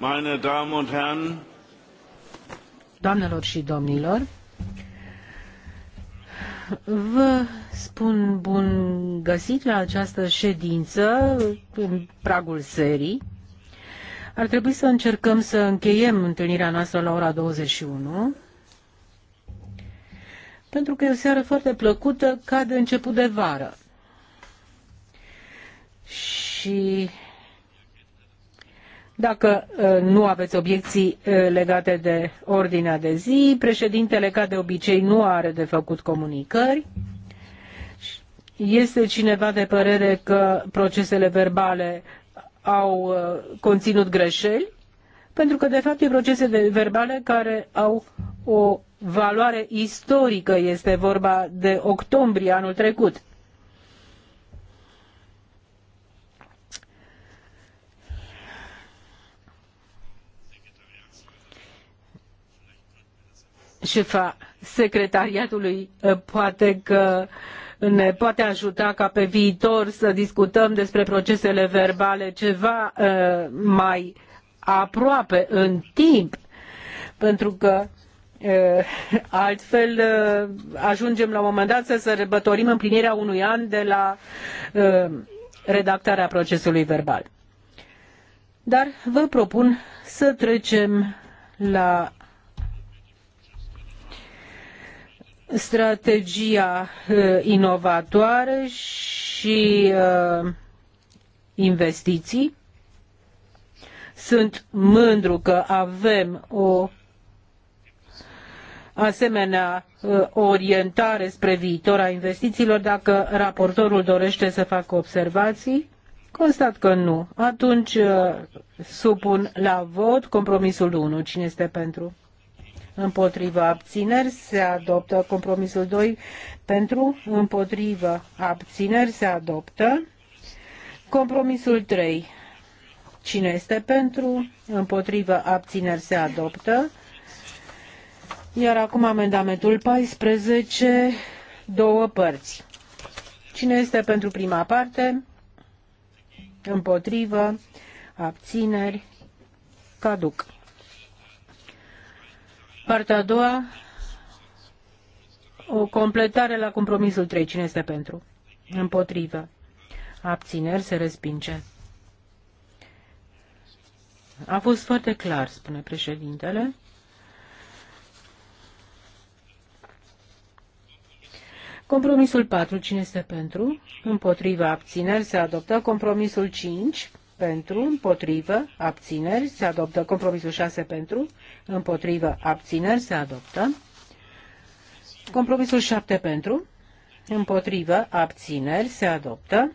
meine Damen und Herren. Doamnelor și domnilor, vă spun bun găsit la această ședință în pragul serii. Ar trebui să încercăm să încheiem întâlnirea noastră la ora 21 pentru că e o seară foarte plăcută ca de început de vară. Și dacă uh, nu aveți obiecții uh, legate de ordinea de zi, președintele, ca de obicei, nu are de făcut comunicări. Este cineva de părere că procesele verbale au uh, conținut greșeli? Pentru că, de fapt, e procese de verbale care au o valoare istorică. Este vorba de octombrie anul trecut. șefa secretariatului eh, poate că ne poate ajuta ca pe viitor să discutăm despre procesele verbale ceva eh, mai aproape în timp, pentru că eh, altfel ajungem la un moment dat să sărbătorim împlinirea unui an de la redactarea procesului verbal. Dar vă propun să trecem la strategia uh, inovatoare și uh, investiții. Sunt mândru că avem o asemenea uh, orientare spre viitor a investițiilor. Dacă raportorul dorește să facă observații, constat că nu. Atunci supun la vot compromisul 1. Cine este pentru? Împotrivă abțineri se adoptă. Compromisul 2 pentru împotrivă abțineri se adoptă. Compromisul 3 cine este pentru împotrivă abțineri se adoptă. Iar acum amendamentul 14 două părți. Cine este pentru prima parte? Împotrivă, abțineri, caduc. Partea a doua, o completare la compromisul 3. Cine este pentru? Împotrivă. Abțineri se respinge. A fost foarte clar, spune președintele. Compromisul 4. Cine este pentru? Împotriva abțineri se adoptă. Compromisul 5 pentru, împotrivă, abțineri, se adoptă. Compromisul 6 pentru, împotrivă, abțineri, se adoptă. Compromisul 7 pentru, împotrivă, abțineri, se adoptă.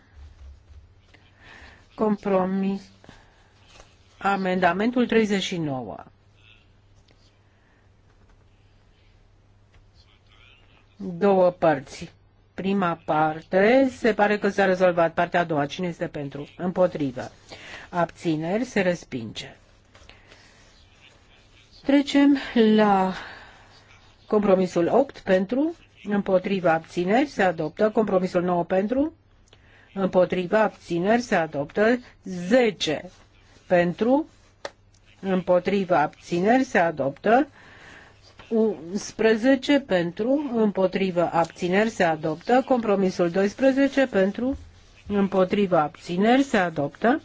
Compromis. Amendamentul 39. Două părți prima parte se pare că s-a rezolvat. Partea a doua, cine este pentru? Împotrivă. Abțineri se respinge. Trecem la compromisul 8 pentru, împotriva abțineri se adoptă, compromisul 9 pentru, împotriva abțineri se adoptă, 10 pentru, împotriva abțineri se adoptă, 11 pentru, împotrivă abțineri se adoptă. Compromisul 12 pentru, împotrivă abțineri se adoptă.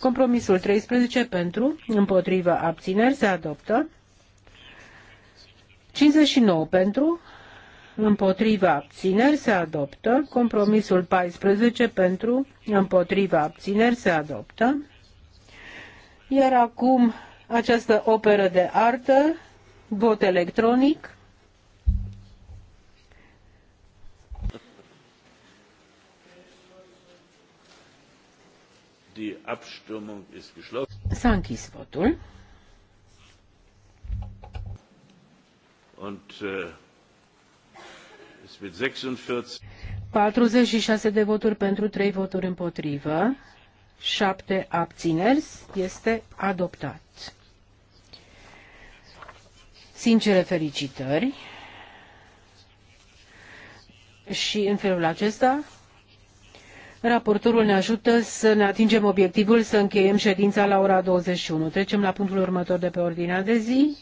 Compromisul 13 pentru, împotrivă abțineri se adoptă. 59 pentru, împotriva abțineri se adoptă. Compromisul 14 pentru, împotriva abțineri se adoptă. Iar acum această operă de artă Vot electronic. S-a închis votul. Und uh, es wird 46 46 de voturi pentru 3 voturi împotrivă, 7 abțineri, este adoptat. Sincere felicitări și în felul acesta raportorul ne ajută să ne atingem obiectivul să încheiem ședința la ora 21. Trecem la punctul următor de pe ordinea de zi.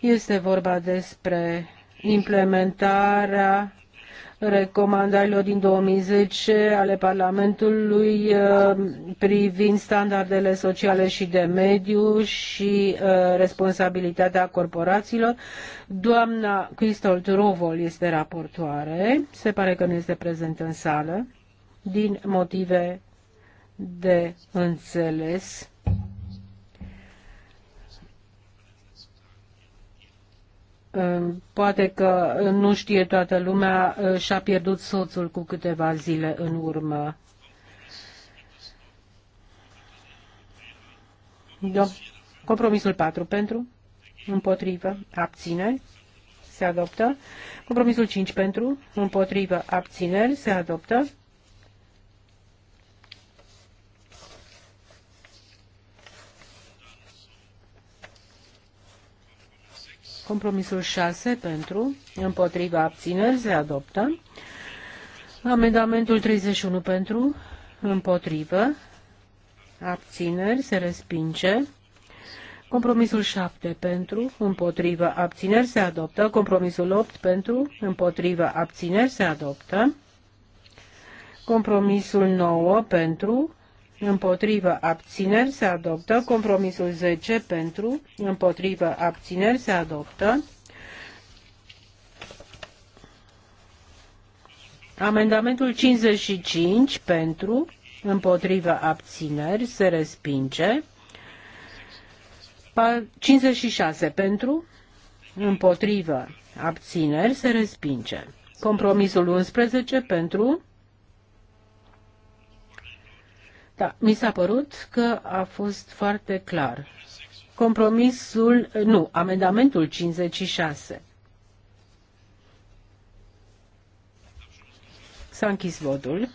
Este vorba despre implementarea recomandărilor din 2010 ale Parlamentului uh, privind standardele sociale și de mediu și uh, responsabilitatea corporațiilor. Doamna Cristol Turovol este raportoare, se pare că nu este prezentă în sală, din motive de înțeles. Poate că nu știe toată lumea, și-a pierdut soțul cu câteva zile în urmă. Do. Compromisul 4 pentru, împotrivă, abțineri, se adoptă. Compromisul 5 pentru, împotrivă, abțineri, se adoptă. Compromisul 6 pentru, împotriva abțineri se adoptă. Amendamentul 31 pentru, împotrivă, abțineri se respinge. Compromisul 7 pentru, împotrivă, abțineri se adoptă. Compromisul 8 pentru, împotrivă, abțineri se adoptă. Compromisul 9 pentru, împotrivă abțineri se adoptă, compromisul 10 pentru, împotrivă abțineri se adoptă, amendamentul 55 pentru, împotrivă abțineri se respinge, 56 pentru, împotrivă abțineri se respinge, compromisul 11 pentru, Da, mi s-a părut că a fost foarte clar. Compromisul, nu, amendamentul 56. S-a închis votul.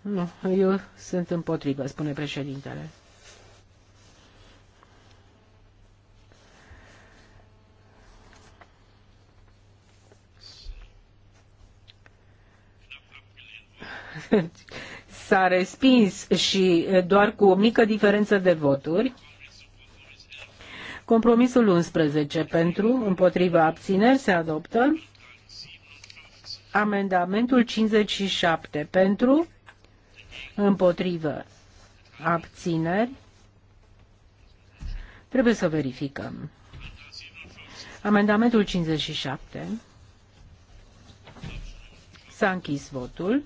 Nu, eu sunt împotrivă, spune președintele. you s-a respins și doar cu o mică diferență de voturi. Compromisul 11 pentru, împotriva abțineri se adoptă. Amendamentul 57 pentru, împotrivă abțineri. Trebuie să verificăm. Amendamentul 57. S-a închis votul.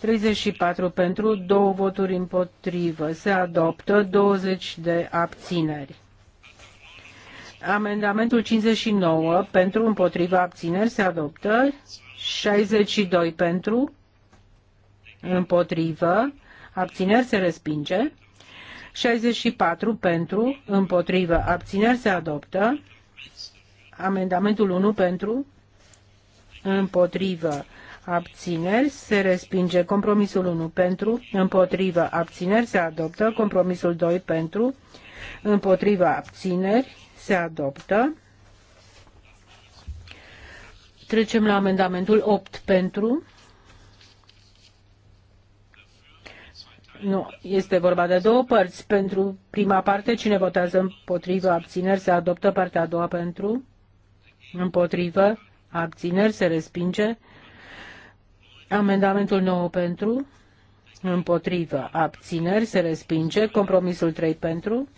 34 pentru, două voturi împotrivă. Se adoptă 20 de abțineri. Amendamentul 59 pentru, împotriva abțineri se adoptă. 62 pentru, împotrivă, abțineri se respinge. 64 pentru, împotrivă, abțineri se adoptă. Amendamentul 1 pentru, împotrivă, abțineri se respinge. Compromisul 1 pentru, împotrivă abțineri se adoptă. Compromisul 2 pentru, împotrivă abțineri se adoptă. Trecem la amendamentul 8 pentru. Nu, este vorba de două părți. Pentru prima parte, cine votează împotrivă abțineri se adoptă, partea a doua pentru, împotrivă abțineri se respinge. Amendamentul 9 pentru, împotrivă, abțineri, se respinge. Compromisul 3 pentru,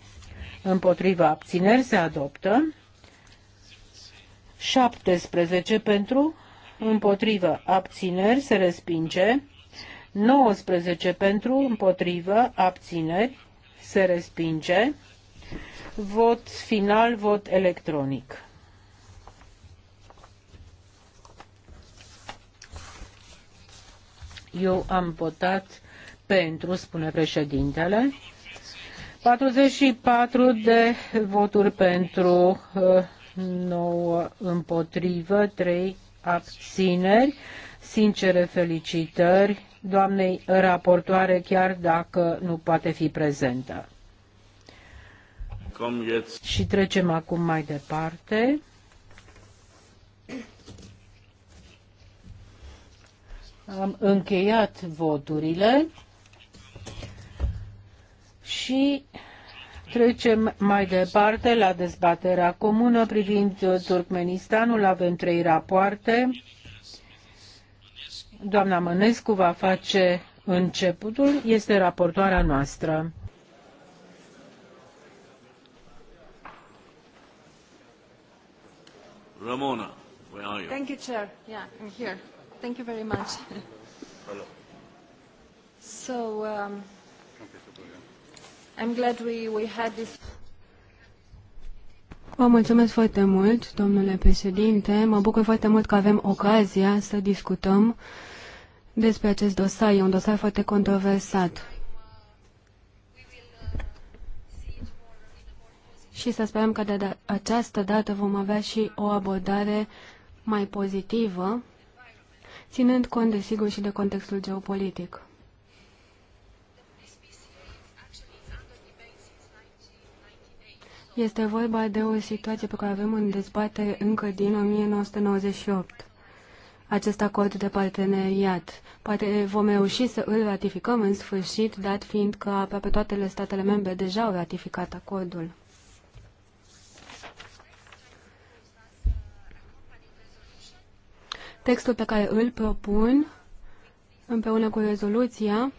împotrivă, abțineri, se adoptă. 17 pentru, împotrivă, abțineri, se respinge. 19 pentru, împotrivă, abțineri, se respinge. Vot final, vot electronic. Eu am votat pentru, spune președintele. 44 de voturi pentru, 9 uh, împotrivă, 3 abțineri. Sincere felicitări doamnei raportoare, chiar dacă nu poate fi prezentă. Și trecem acum mai departe Am încheiat voturile și trecem mai departe la dezbaterea comună privind Turkmenistanul. Avem trei rapoarte. Doamna Mănescu va face începutul. Este raportoarea noastră. Ramona, where are you? Thank you, Chair. Yeah, I'm here. Thank you very much. So, um, I'm glad we, we had this... Vă mulțumesc foarte mult, domnule președinte. Mă bucur foarte mult că avem ocazia să discutăm despre acest dosar. E un dosar foarte controversat. Și să sperăm că de această dată vom avea și o abordare mai pozitivă ținând cont, desigur, și de contextul geopolitic. Este vorba de o situație pe care avem în dezbatere încă din 1998. Acest acord de parteneriat. Poate vom reuși să îl ratificăm în sfârșit, dat fiind că aproape toate statele membre deja au ratificat acordul. Textul pe care îl propun, împreună cu rezoluția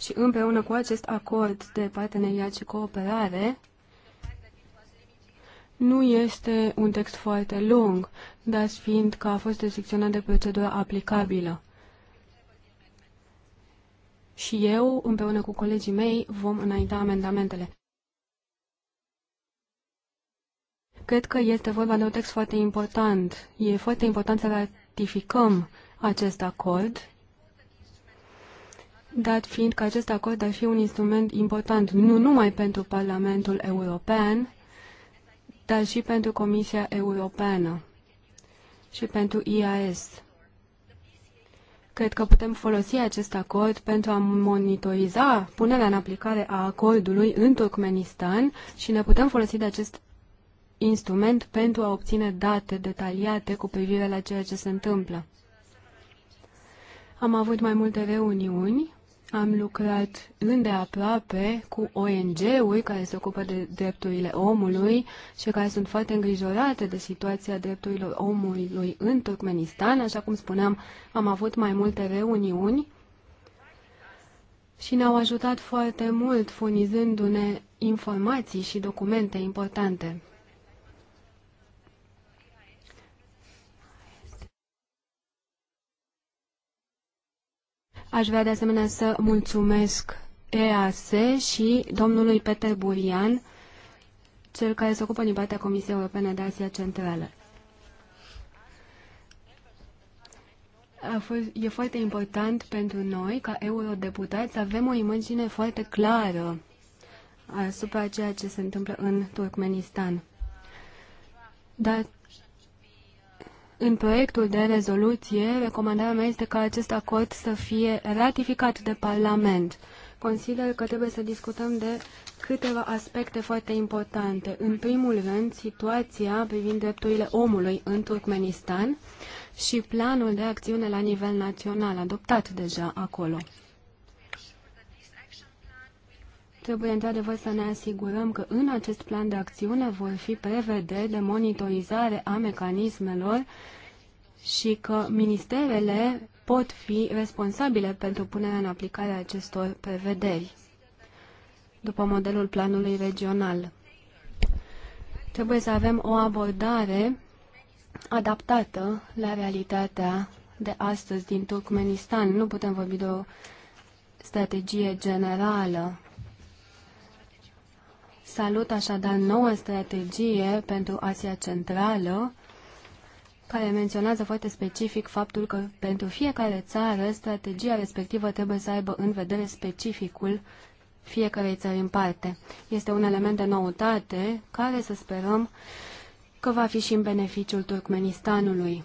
și împreună cu acest acord de parteneriat și cooperare, nu este un text foarte lung, dar fiind că a fost restricționat de procedura aplicabilă. Și eu, împreună cu colegii mei, vom înainta amendamentele. Cred că este vorba de un text foarte important. E foarte important să ratificăm acest acord, dat fiind că acest acord ar fi un instrument important nu numai pentru Parlamentul European, dar și pentru Comisia Europeană și pentru IAS. Cred că putem folosi acest acord pentru a monitoriza punerea în aplicare a acordului în Turkmenistan și ne putem folosi de acest instrument pentru a obține date detaliate cu privire la ceea ce se întâmplă. Am avut mai multe reuniuni, am lucrat îndeaproape cu ONG-uri care se ocupă de drepturile omului și care sunt foarte îngrijorate de situația drepturilor omului în Turkmenistan. Așa cum spuneam, am avut mai multe reuniuni și ne-au ajutat foarte mult furnizându-ne informații și documente importante. Aș vrea de asemenea să mulțumesc EAS și domnului Peter Burian, cel care se ocupă din partea Comisiei Europene de Asia Centrală. A fost, e foarte important pentru noi, ca eurodeputați, să avem o imagine foarte clară asupra ceea ce se întâmplă în Turkmenistan. Dar în proiectul de rezoluție, recomandarea mea este ca acest acord să fie ratificat de Parlament. Consider că trebuie să discutăm de câteva aspecte foarte importante. În primul rând, situația privind drepturile omului în Turkmenistan și planul de acțiune la nivel național adoptat deja acolo. Trebuie într-adevăr să ne asigurăm că în acest plan de acțiune vor fi prevederi de monitorizare a mecanismelor și că ministerele pot fi responsabile pentru punerea în aplicare a acestor prevederi, după modelul planului regional. Trebuie să avem o abordare adaptată la realitatea de astăzi din Turkmenistan. Nu putem vorbi de o strategie generală Salut așadar noua strategie pentru Asia Centrală, care menționează foarte specific faptul că pentru fiecare țară strategia respectivă trebuie să aibă în vedere specificul fiecarei țări în parte. Este un element de noutate care să sperăm că va fi și în beneficiul Turkmenistanului,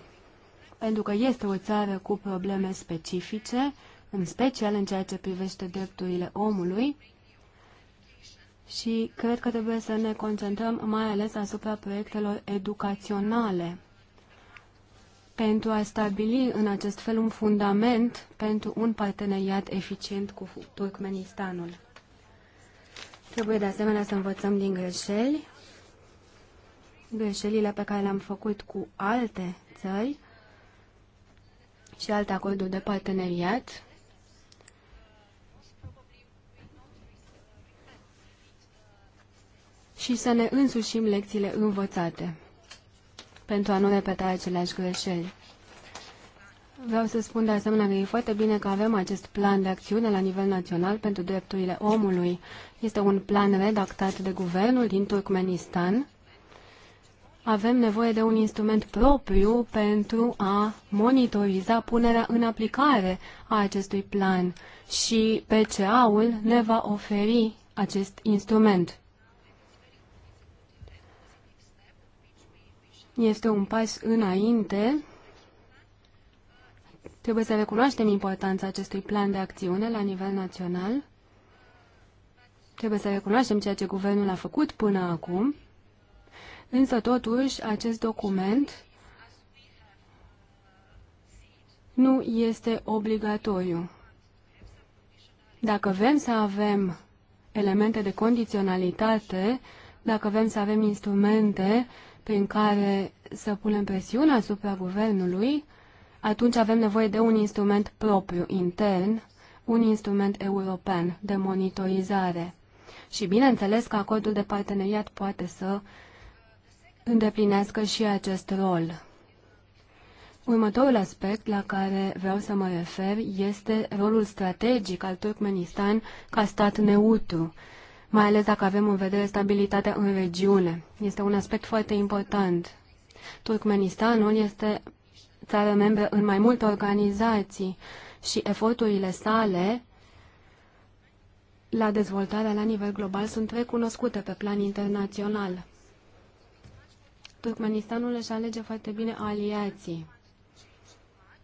pentru că este o țară cu probleme specifice, în special în ceea ce privește drepturile omului, și cred că trebuie să ne concentrăm mai ales asupra proiectelor educaționale pentru a stabili în acest fel un fundament pentru un parteneriat eficient cu Turkmenistanul. Trebuie de asemenea să învățăm din greșeli, greșelile pe care le-am făcut cu alte țări și alte acorduri de parteneriat și să ne însușim lecțiile învățate pentru a nu repeta aceleași greșeli. Vreau să spun de asemenea că e foarte bine că avem acest plan de acțiune la nivel național pentru drepturile omului. Este un plan redactat de guvernul din Turkmenistan. Avem nevoie de un instrument propriu pentru a monitoriza punerea în aplicare a acestui plan și PCA-ul ne va oferi acest instrument. Este un pas înainte. Trebuie să recunoaștem importanța acestui plan de acțiune la nivel național. Trebuie să recunoaștem ceea ce guvernul a făcut până acum. Însă, totuși, acest document nu este obligatoriu. Dacă vrem să avem elemente de condiționalitate, dacă vrem să avem instrumente prin care să punem presiune asupra guvernului, atunci avem nevoie de un instrument propriu, intern, un instrument european de monitorizare. Și bineînțeles că acordul de parteneriat poate să îndeplinească și acest rol. Următorul aspect la care vreau să mă refer este rolul strategic al Turkmenistan ca stat neutru mai ales dacă avem în vedere stabilitatea în regiune. Este un aspect foarte important. Turkmenistanul este țară membră în mai multe organizații și eforturile sale la dezvoltarea la nivel global sunt recunoscute pe plan internațional. Turkmenistanul își alege foarte bine aliații.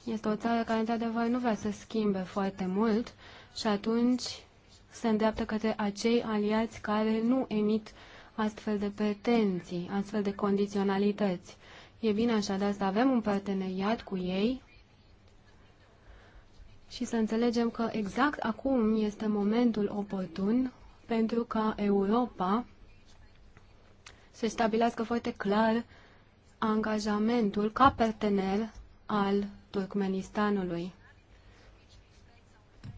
Este o țară care, într-adevăr, nu vrea să schimbe foarte mult și atunci se îndreaptă către acei aliați care nu emit astfel de pretenții, astfel de condiționalități. E bine așadar să avem un parteneriat cu ei și să înțelegem că exact acum este momentul oportun pentru ca Europa să stabilească foarte clar angajamentul ca partener al Turkmenistanului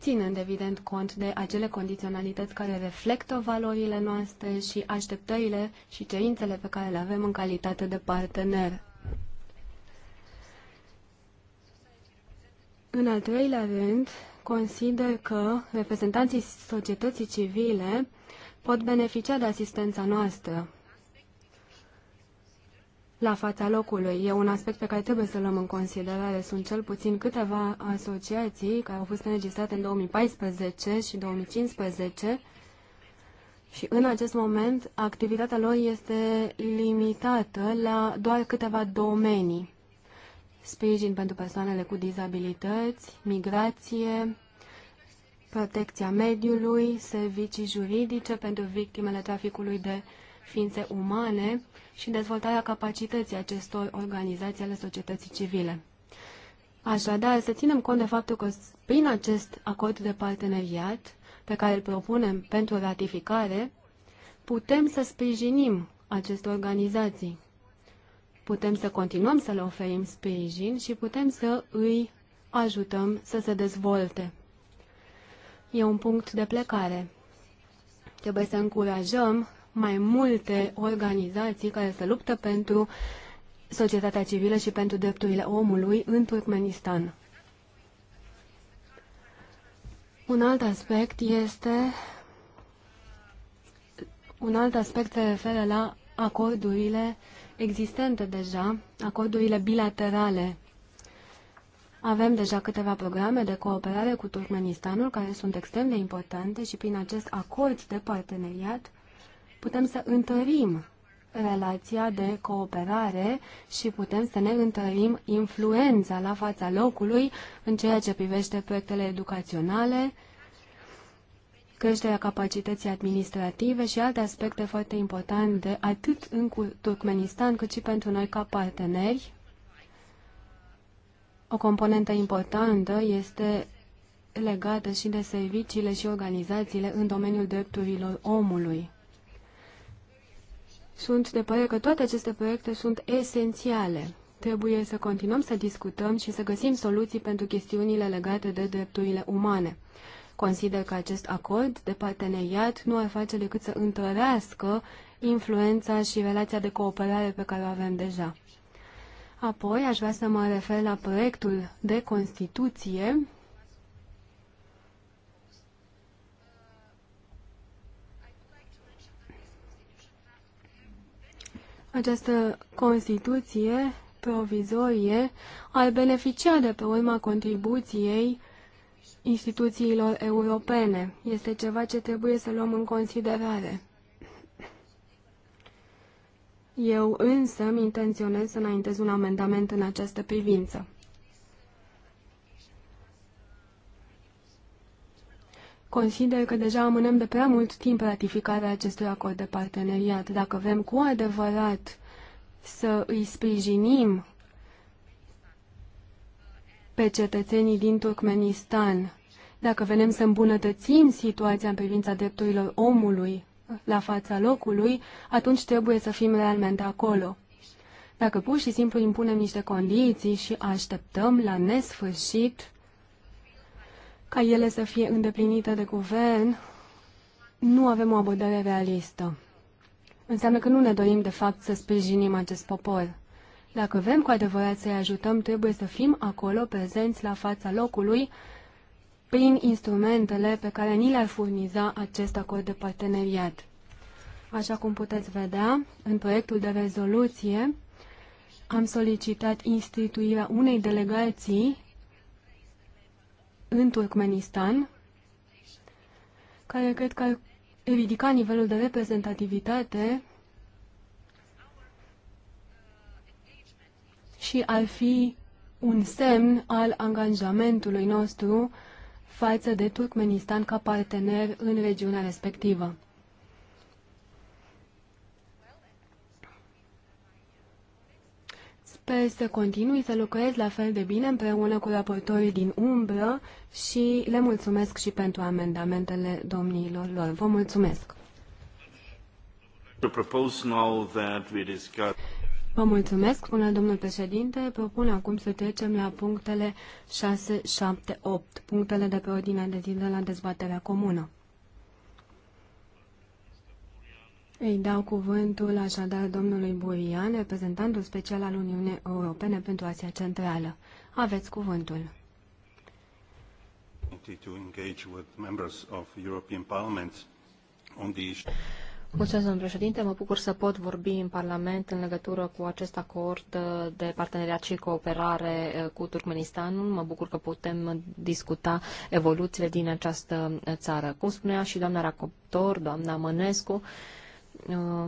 ținând evident cont de acele condiționalități care reflectă valorile noastre și așteptările și cerințele pe care le avem în calitate de partener. În al treilea rând, consider că reprezentanții societății civile pot beneficia de asistența noastră la fața locului. E un aspect pe care trebuie să-l luăm în considerare. Sunt cel puțin câteva asociații care au fost înregistrate în 2014 și 2015 și în acest moment activitatea lor este limitată la doar câteva domenii. Sprijin pentru persoanele cu dizabilități, migrație, protecția mediului, servicii juridice pentru victimele traficului de ființe umane, și dezvoltarea capacității acestor organizații ale societății civile. Așadar, să ținem cont de faptul că prin acest acord de parteneriat pe care îl propunem pentru ratificare, putem să sprijinim aceste organizații. Putem să continuăm să le oferim sprijin și putem să îi ajutăm să se dezvolte. E un punct de plecare. Trebuie să încurajăm mai multe organizații care se luptă pentru societatea civilă și pentru drepturile omului în Turkmenistan. Un alt aspect este un alt aspect se referă la acordurile existente deja, acordurile bilaterale. Avem deja câteva programe de cooperare cu Turkmenistanul care sunt extrem de importante și prin acest acord de parteneriat putem să întărim relația de cooperare și putem să ne întărim influența la fața locului în ceea ce privește proiectele educaționale, creșterea capacității administrative și alte aspecte foarte importante atât în Turkmenistan cât și pentru noi ca parteneri. O componentă importantă este legată și de serviciile și organizațiile în domeniul drepturilor omului. Sunt de părere că toate aceste proiecte sunt esențiale. Trebuie să continuăm să discutăm și să găsim soluții pentru chestiunile legate de drepturile umane. Consider că acest acord de parteneriat nu ar face decât să întărească influența și relația de cooperare pe care o avem deja. Apoi aș vrea să mă refer la proiectul de Constituție Această Constituție provizorie ar beneficia de pe urma contribuției instituțiilor europene. Este ceva ce trebuie să luăm în considerare. Eu însă îmi intenționez să înaintez un amendament în această privință. Consider că deja amânăm de prea mult timp ratificarea acestui acord de parteneriat. Dacă vrem cu adevărat să îi sprijinim pe cetățenii din Turkmenistan, dacă venem să îmbunătățim situația în privința drepturilor omului la fața locului, atunci trebuie să fim realmente acolo. Dacă pur și simplu impunem niște condiții și așteptăm la nesfârșit, ca ele să fie îndeplinite de guvern, nu avem o abordare realistă. Înseamnă că nu ne dorim, de fapt, să sprijinim acest popor. Dacă vrem cu adevărat să-i ajutăm, trebuie să fim acolo, prezenți la fața locului, prin instrumentele pe care ni le-ar furniza acest acord de parteneriat. Așa cum puteți vedea, în proiectul de rezoluție am solicitat instituirea unei delegații în Turkmenistan, care cred că ar ridica nivelul de reprezentativitate și ar fi un semn al angajamentului nostru față de Turkmenistan ca partener în regiunea respectivă. pe să continui să lucrez la fel de bine împreună cu raportorii din umbră și le mulțumesc și pentru amendamentele domniilor lor. Vă mulțumesc! Vă mulțumesc, spune domnul președinte. Propun acum să trecem la punctele 6, 7, 8, punctele de pe ordinea de zi de la dezbaterea comună. Îi dau cuvântul așadar domnului Burian, reprezentantul special al Uniunii Europene pentru Asia Centrală. Aveți cuvântul. Mulțumesc, domnul președinte. Mă bucur să pot vorbi în Parlament în legătură cu acest acord uh, de parteneriat și cooperare uh, cu Turkmenistanul. Mă bucur că putem discuta evoluțiile din această uh, țară. Cum spunea și doamna Racoptor, doamna Mănescu, uh, Uh,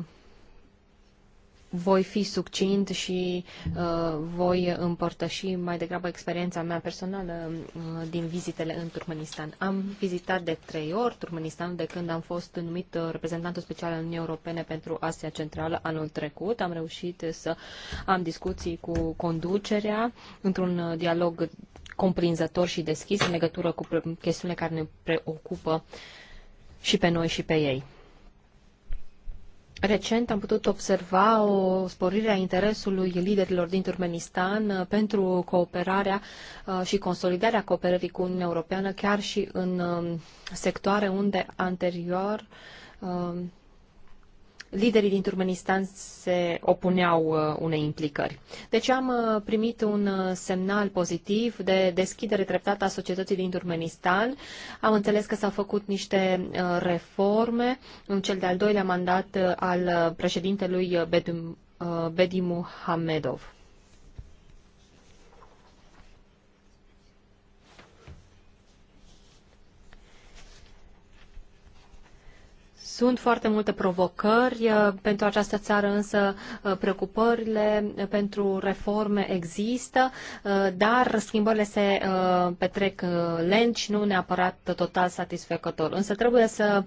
voi fi succint și uh, voi împărtăși mai degrabă experiența mea personală uh, din vizitele în Turkmenistan. Am vizitat de trei ori Turkmenistan de când am fost numit uh, reprezentantul special al Uniunii Europene pentru Asia Centrală anul trecut. Am reușit să am discuții cu conducerea într-un uh, dialog comprinzător și deschis în legătură cu chestiunile care ne preocupă și pe noi și pe ei. Recent am putut observa o sporire a interesului liderilor din Turkmenistan uh, pentru cooperarea uh, și consolidarea cooperării cu Uniunea Europeană, chiar și în um, sectoare unde anterior um, liderii din Turmenistan se opuneau uh, unei implicări. Deci am uh, primit un uh, semnal pozitiv de deschidere treptată a societății din Turmenistan. Am înțeles că s-au făcut niște reforme în cel de-al doilea mandat al președintelui Bedim Bedi Muhamedov. Sunt foarte multe provocări uh, pentru această țară, însă uh, preocupările uh, pentru reforme există, dar schimbările se petrec lent și nu neapărat total satisfăcător. Însă trebuie să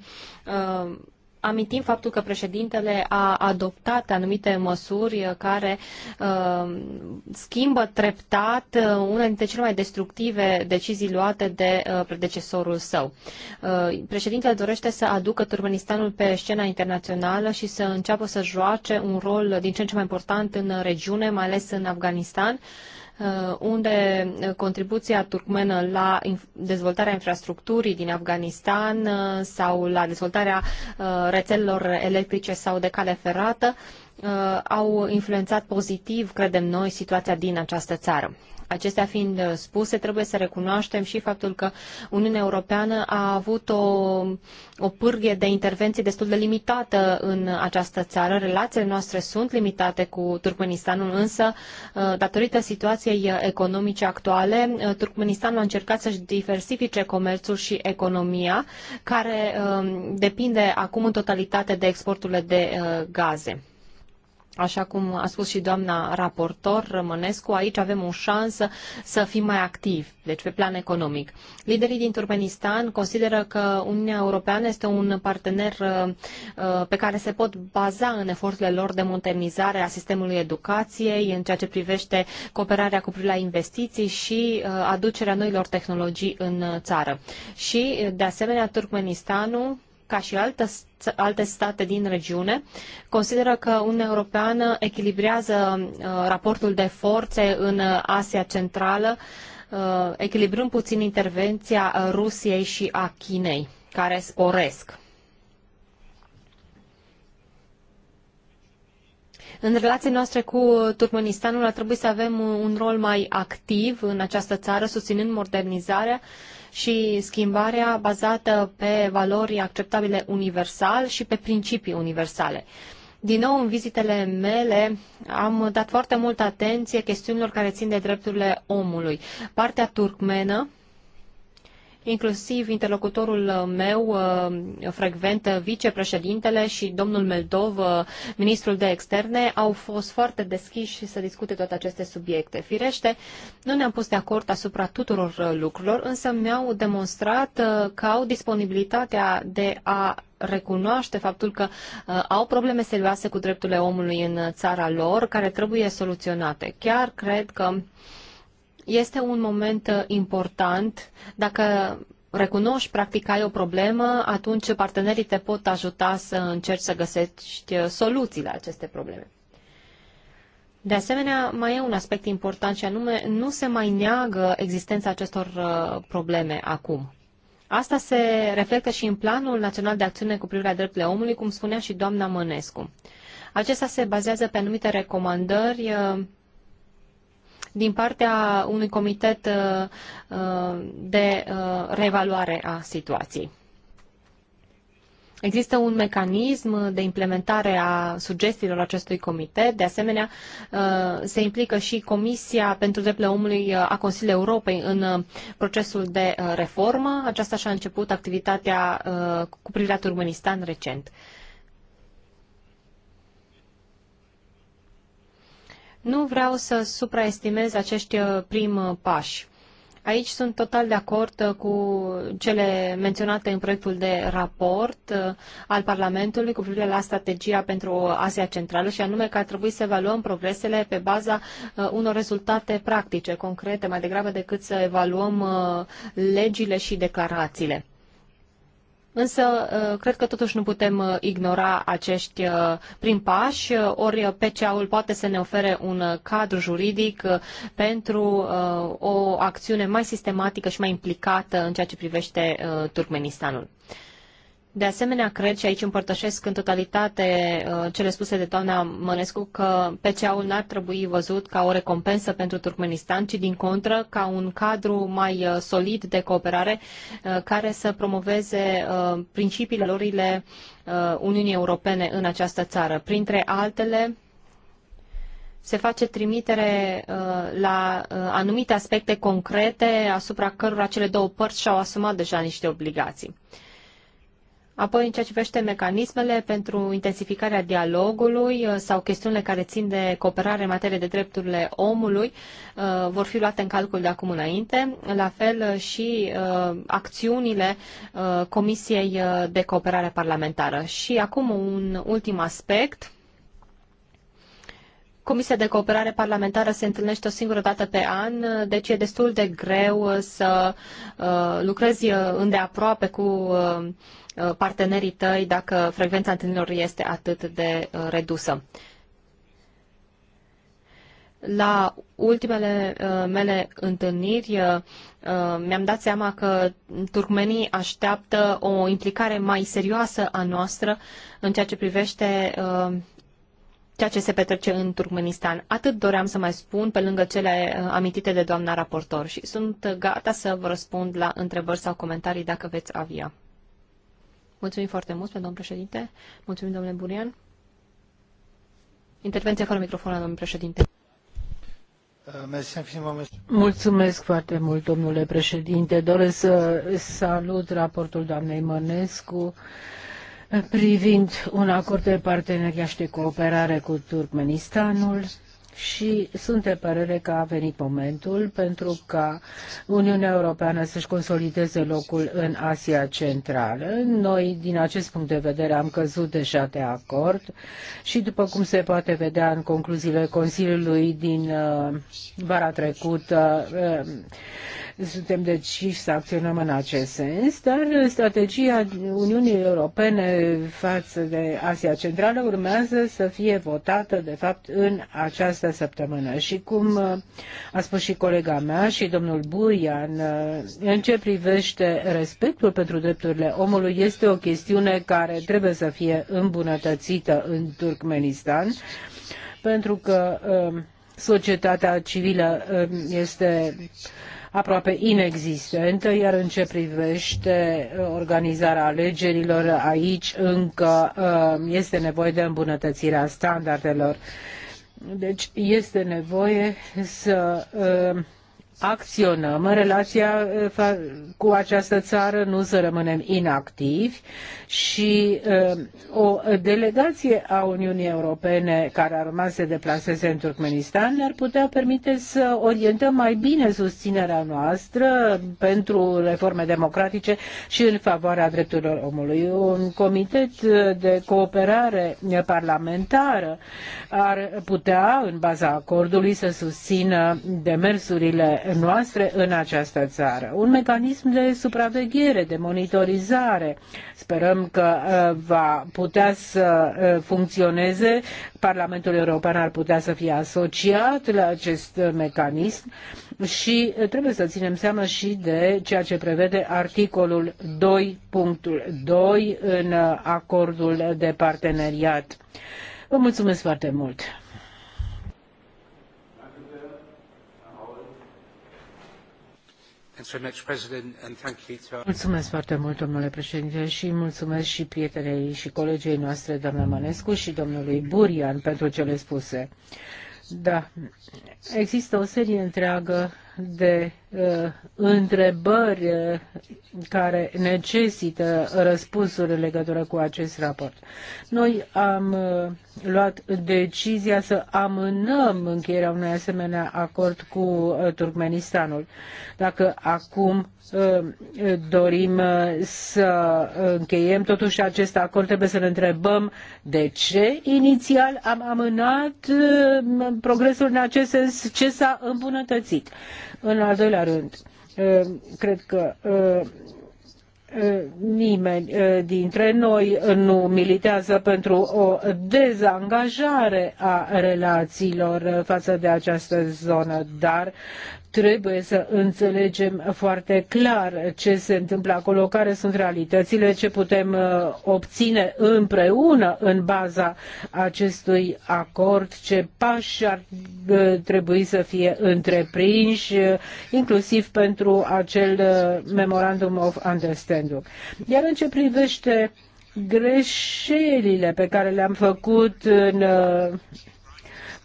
amintim faptul că președintele a adoptat anumite măsuri care uh, schimbă treptat uh, una dintre cele mai destructive decizii luate de uh, predecesorul său. Uh, președintele dorește să aducă Turkmenistanul pe scena internațională și să înceapă să joace un rol din ce în ce mai important în regiune, mai ales în Afganistan. Uh, Uh, unde uh, contribuția turcmenă la dezvoltarea infrastructurii din Afganistan uh, sau la dezvoltarea rețelelor electrice sau de cale ferată au influențat pozitiv, credem noi, situația din această țară. Acestea fiind uh, spuse, trebuie să recunoaștem și faptul că Uniunea Europeană a avut o, o pârghie de intervenție destul de limitată în această țară. Relațiile noastre sunt limitate cu Turkmenistanul, însă, uh, datorită situației economice actuale, uh, Turkmenistanul a încercat să-și diversifice comerțul și economia, care depinde acum în totalitate de exporturile de gaze. Așa cum a spus și doamna raportor Rămânescu, aici avem o șansă să fim mai activi, deci pe plan economic. Liderii din Turkmenistan consideră că Uniunea Europeană este un partener uh, uh, pe care se pot baza în eforturile lor de modernizare a sistemului educației, în ceea ce privește cooperarea cu privire la investiții și uh, aducerea noilor tehnologii în țară. Și, de asemenea, Turkmenistanul ca și alte, alte state din regiune, consideră că Uniunea Europeană echilibrează uh, raportul de forțe în Asia Centrală, uh, echilibrând puțin intervenția Rusiei și a Chinei, care sporesc. În relații noastre cu Turkmenistanul ar trebui să avem un rol mai activ în această țară, susținând modernizarea uh, și schimbarea bazată pe valori acceptabile universal și pe principii universale. Din nou, în vizitele mele am dat foarte multă atenție chestiunilor care țin de drepturile omului. Partea turcmenă inclusiv interlocutorul uh, meu uh, frecvent, uh, vicepreședintele și domnul Meldov, ministrul de externe, au fost foarte deschiși să discute toate aceste subiecte. Firește, nu ne-am pus de acord asupra tuturor lucrurilor, însă mi-au demonstrat că au disponibilitatea de a recunoaște faptul că uh, au probleme serioase cu drepturile omului în țara lor, care trebuie soluționate. Chiar cred că uh, este un moment uh, important. Dacă recunoști practic că ai o problemă, atunci partenerii te pot ajuta să încerci să găsești uh, soluții la aceste probleme. De asemenea, mai e un aspect important și anume, nu se mai neagă existența acestor uh, probleme acum. Asta se reflectă și în Planul Național de Acțiune cu privire la drepturile omului, cum spunea și doamna Mănescu. Acesta se bazează pe anumite recomandări uh, din partea unui comitet uh, uh, de uh, reevaluare a situației. Există un mecanism de implementare a sugestiilor acestui comitet. De asemenea, se implică și Comisia pentru Drepturile Omului a Consiliului Europei în procesul de reformă. Aceasta și-a început activitatea cu privire la Turkmenistan recent. Nu vreau să supraestimez acești uh, prim uh, pași. Aici sunt total de acord uh, cu cele menționate în proiectul de raport al Parlamentului cu privire la strategia pentru Asia Centrală și anume că ar trebui să evaluăm progresele pe baza unor rezultate practice, concrete, mai degrabă decât să evaluăm legile și declarațiile. Însă, uh, cred că totuși nu putem uh, ignora acești uh, prim pași, ori PCA-ul poate să ne ofere un cadru juridic pentru o acțiune mai sistematică și mai implicată în ceea ce privește Turkmenistanul. De asemenea, cred și aici împărtășesc în totalitate uh, cele spuse de doamna Mănescu că PCA-ul n-ar trebui văzut ca o recompensă pentru Turkmenistan, ci din contră ca un cadru mai uh, solid de cooperare uh, care să promoveze principiile valorile Uniunii Europene în această țară. Printre altele, se face trimitere la anumite aspecte concrete asupra cărora cele două părți și-au asumat deja niște obligații. Apoi, în ceea ce privește mecanismele pentru intensificarea dialogului uh, sau chestiunile care țin de cooperare în materie de drepturile omului, uh, vor fi luate în calcul de acum înainte, la fel uh, și acțiunile Comisiei de Cooperare Parlamentară. Și acum un ultim aspect Comisia de cooperare parlamentară se întâlnește o singură dată pe an, deci e destul de greu uh, să uh, lucrezi uh, îndeaproape cu partenerii tăi dacă frecvența întâlnirilor este atât de redusă. La ultimele mele întâlniri mi-am dat seama că turcmenii așteaptă o implicare mai serioasă a noastră în ceea ce privește ceea ce se petrece în Turkmenistan. Atât doream să mai spun pe lângă cele uh, amintite de doamna raportor și sunt gata să vă răspund la întrebări sau comentarii dacă veți avea. Mulțumim foarte mult pe domnul președinte. Mulțumim, domnule Burian. Intervenție fără microfon la domnul președinte. Mulțumesc foarte mult, domnule președinte. Doresc să salut raportul doamnei Mănescu. Uh, privind un acord de parteneriat și de cooperare cu Turkmenistanul și sunt de părere că a venit momentul pentru ca Uniunea Europeană să-și consolideze locul în Asia Centrală. Noi, din acest punct de vedere, am căzut deja de acord și, după cum se poate vedea în concluziile Consiliului din uh, vara trecută, uh, suntem deciși să acționăm în acest sens, dar strategia Uniunii Europene față de Asia Centrală urmează să fie votată, de fapt, în această săptămână. Și cum a spus și colega mea și domnul Buian, în ce privește respectul pentru drepturile omului, este o chestiune care trebuie să fie îmbunătățită în Turkmenistan, pentru că um, societatea civilă um, este aproape inexistentă, iar în ce privește uh, organizarea alegerilor, aici încă uh, este nevoie de îmbunătățirea standardelor. Deci este nevoie să uh, acționăm în relația cu această țară, nu să rămânem inactivi și o delegație a Uniunii Europene care ar urma să se deplaseze în Turkmenistan ne-ar putea permite să orientăm mai bine susținerea noastră pentru reforme democratice și în favoarea drepturilor omului. Un comitet de cooperare parlamentară ar putea, în baza acordului, să susțină demersurile noastre în această țară. Un mecanism de supraveghere, de monitorizare. Sperăm că uh, va putea să uh, funcționeze. Parlamentul European ar putea să fie asociat la acest mecanism și uh, trebuie să ținem seama și de ceea ce prevede articolul 2.2 în acordul de parteneriat. Vă mulțumesc foarte mult! Mulțumesc foarte mult, domnule președinte, și mulțumesc și prietenei și colegii noastre, doamna Manescu, și domnului Burian pentru cele spuse. Da, există o serie întreagă de uh, întrebări uh, care necesită răspunsuri în legătură cu acest raport. Noi am uh, luat decizia să amânăm încheierea unui asemenea acord cu uh, Turkmenistanul. Dacă acum uh, dorim uh, să încheiem totuși acest acord, trebuie să ne întrebăm de ce inițial am amânat uh, progresul în acest sens, ce s-a îmbunătățit. Uh, în al doilea rând, uh, cred că uh, uh, nimeni dintre noi nu militează pentru o dezangajare a relațiilor față de această zonă, dar trebuie să înțelegem foarte clar ce se întâmplă acolo, care sunt realitățile, ce putem uh, obține împreună în baza acestui acord, ce pași ar uh, trebui să fie întreprinși, uh, inclusiv pentru acel Memorandum of Understanding. Iar în ce privește greșelile pe care le-am făcut în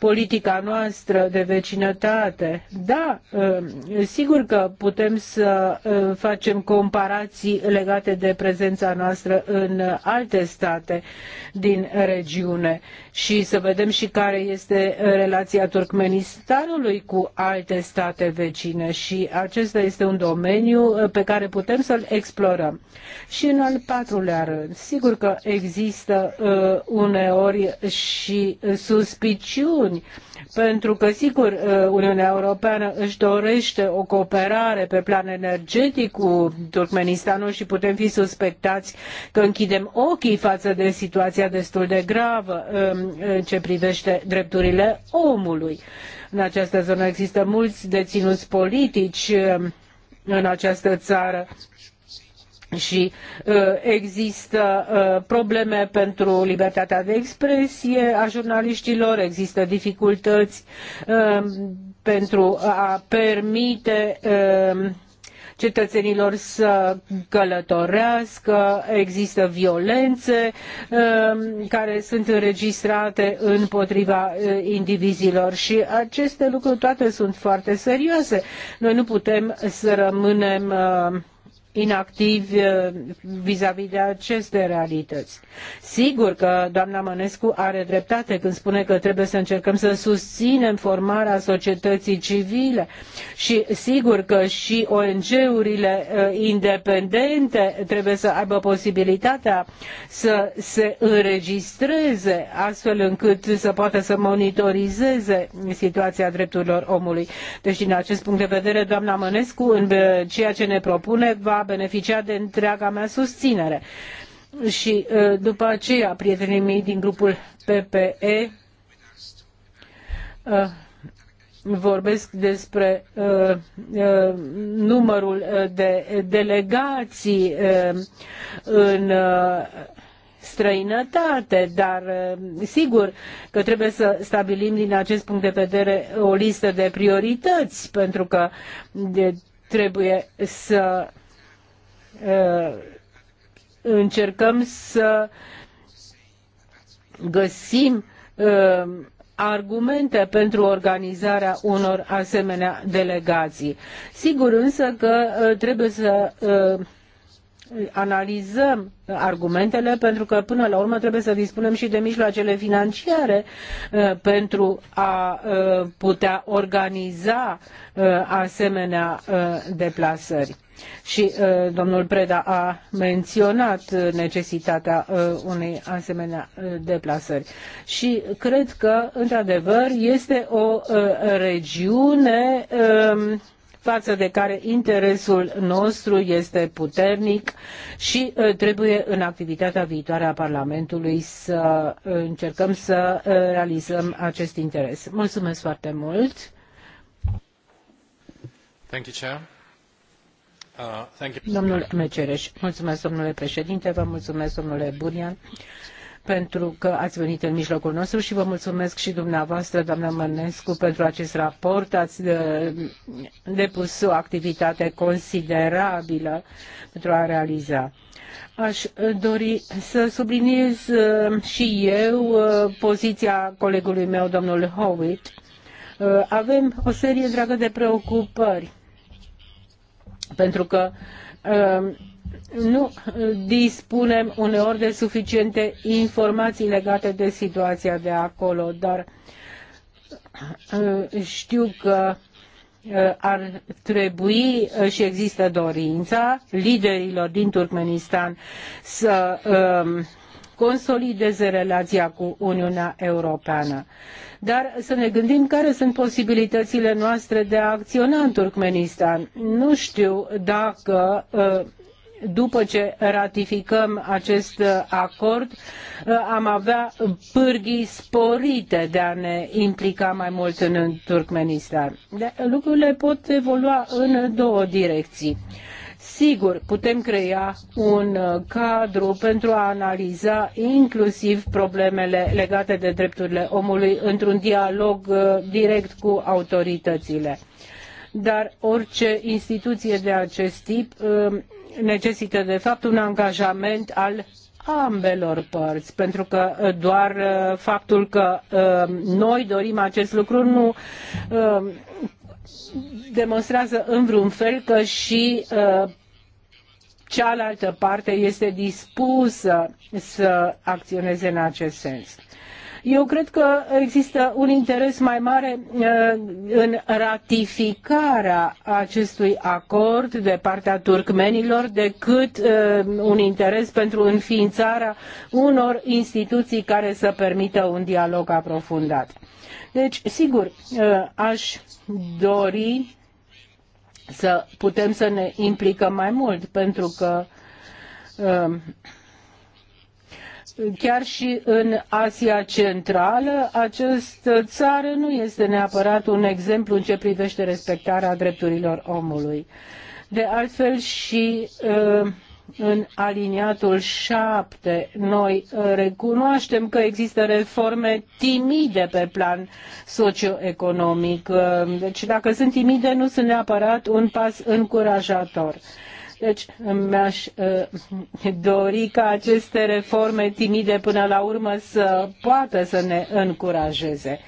politica noastră de vecinătate. Da, um, sigur că putem să um, facem comparații legate de prezența noastră în uh, alte state din regiune și să vedem și care este uh, relația Turkmenistanului cu alte state vecine și acesta este un domeniu uh, pe care putem să-l explorăm. Și în al patrulea rând, sigur că există uh, uneori și suspiciuni uh, pentru că, sigur, uh, Uniunea Europeană își dorește o cooperare pe plan energetic cu Turkmenistanul și putem fi suspectați că închidem ochii față de situația destul de gravă um, în ce privește drepturile omului. În această zonă există mulți deținuți politici um, în această țară și uh, există uh, probleme pentru libertatea de expresie a jurnaliștilor, există dificultăți um, pentru a permite um, cetățenilor să călătorească, există violențe um, care sunt înregistrate împotriva uh, indivizilor și aceste lucruri toate sunt foarte serioase. Noi nu putem să rămânem inactivi eh, vis-a-vis -vis de aceste realități. Sigur că doamna Mănescu are dreptate când spune că trebuie să încercăm să susținem formarea societății civile și sigur că și ONG-urile eh, independente trebuie să aibă posibilitatea să se înregistreze astfel încât să poată să monitorizeze situația drepturilor omului. Deci din acest punct de vedere, doamna Mănescu, în eh, ceea ce ne propune, va a beneficiat de întreaga mea susținere. Și uh, după aceea, prietenii mei din grupul PPE uh, vorbesc despre uh, numărul de delegații în străinătate, dar sigur că trebuie să stabilim din acest punct de vedere o listă de priorități, pentru că trebuie să Uh, încercăm să găsim uh, argumente pentru organizarea unor asemenea delegații. Sigur însă că uh, trebuie să analizăm argumentele pentru că până la urmă trebuie să dispunem și de mijloacele financiare pentru a putea organiza asemenea deplasări. Și uh, domnul Preda a menționat uh, necesitatea uh, unei asemenea deplasări. Și cred că, într-adevăr, este o regiune um, față de care interesul nostru este puternic și trebuie în activitatea viitoare a Parlamentului să încercăm să realizăm acest interes. Mulțumesc foarte mult! Thank you, Chair. Uh, domnul Mecereș, mulțumesc domnule președinte, vă mulțumesc domnule Burian pentru că ați venit în mijlocul nostru și vă mulțumesc și dumneavoastră, doamna Mănescu, pentru acest raport. Ați uh, depus o activitate considerabilă pentru a realiza. Aș uh, dori să subliniez și eu poziția colegului meu, domnul Howitt. Avem o serie întreagă de preocupări pentru că um, nu dispunem uneori de suficiente informații legate de situația de acolo, dar uh, știu că uh, ar trebui uh, și există dorința liderilor din Turkmenistan să um, consolideze relația cu Uniunea Europeană. Dar să ne gândim care sunt posibilitățile noastre de a acționa în Turkmenistan. Nu știu dacă ă, după ce ratificăm acest acord, ă, am avea pârghii sporite de a ne implica mai mult în Turkmenistan. Lucrurile pot evolua în două direcții. Sigur, putem crea un uh, cadru pentru a analiza inclusiv problemele legate de drepturile omului într-un dialog uh, direct cu autoritățile. Dar orice instituție de acest tip um, necesită de fapt un angajament al ambelor părți, pentru că uh, doar faptul că noi dorim acest lucru nu demonstrează în vreun fel că și uh, cealaltă parte este dispusă să acționeze în acest sens. Eu cred că există un interes mai mare uh, în ratificarea acestui acord de partea turcmenilor decât uh, un interes pentru înființarea unor instituții care să permită un dialog aprofundat. Deci, sigur, uh, aș dori să putem să ne implicăm mai mult, pentru că chiar și în Asia Centrală, această țară nu este neapărat un exemplu în ce privește respectarea drepturilor omului. De altfel și uh, în aliniatul 7 noi uh, recunoaștem că există reforme timide pe plan socioeconomic. Uh, deci dacă sunt timide, nu sunt neapărat un pas încurajator. Deci mi-aș uh, dori ca aceste reforme timide până la urmă să poată să ne încurajeze.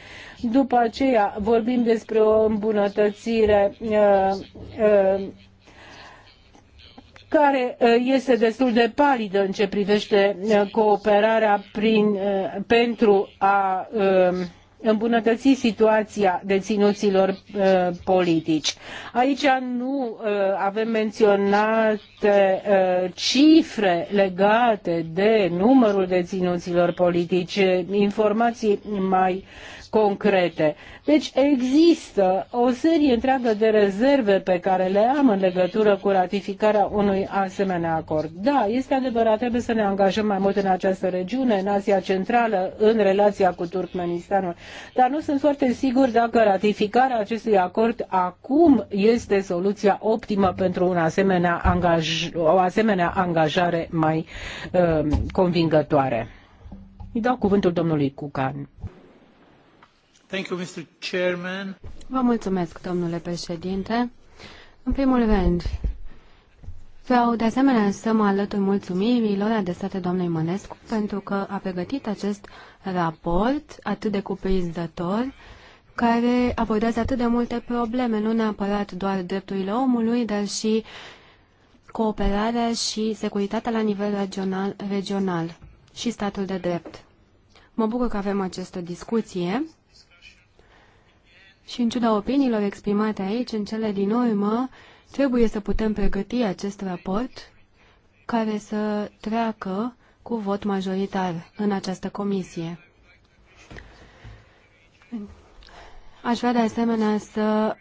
După aceea vorbim despre o îmbunătățire uh, uh, care este destul de palidă în ce privește cooperarea prin, pentru a îmbunătăți situația deținuților uh, politici. Aici nu uh, avem menționate uh, cifre legate de numărul deținuților politici, informații mai concrete. Deci există o serie întreagă de rezerve pe care le am în legătură cu ratificarea unui asemenea acord. Da, este adevărat, trebuie să ne angajăm mai mult în această regiune, în Asia Centrală, în relația cu Turkmenistanul, dar nu sunt foarte sigur dacă ratificarea acestui acord acum este soluția optimă pentru un asemenea angaj, o asemenea angajare mai uh, convingătoare. Îi dau cuvântul domnului Cucan. Vă mulțumesc, domnule președinte. În primul rând, Vreau de asemenea să mă alătur mulțumirilor adresate doamnei Mănescu pentru că a pregătit acest raport atât de cuprinzător care abordează atât de multe probleme, nu neapărat doar drepturile omului, dar și cooperarea și securitatea la nivel regional, regional și statul de drept. Mă bucur că avem această discuție și în ciuda opiniilor exprimate aici, în cele din urmă, trebuie să putem pregăti acest raport care să treacă cu vot majoritar în această comisie. Aș vrea de asemenea să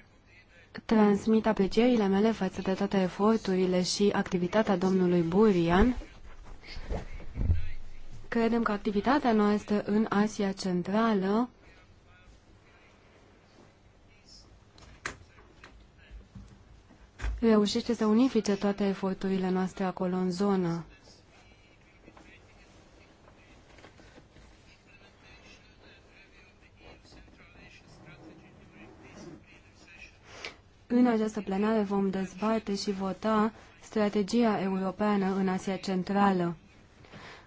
transmit aprecierile mele față de toate eforturile și activitatea domnului Burian. Credem că activitatea noastră în Asia Centrală reușește să unifice toate eforturile noastre acolo în zonă. În această plenară vom dezbate și vota strategia europeană în Asia Centrală.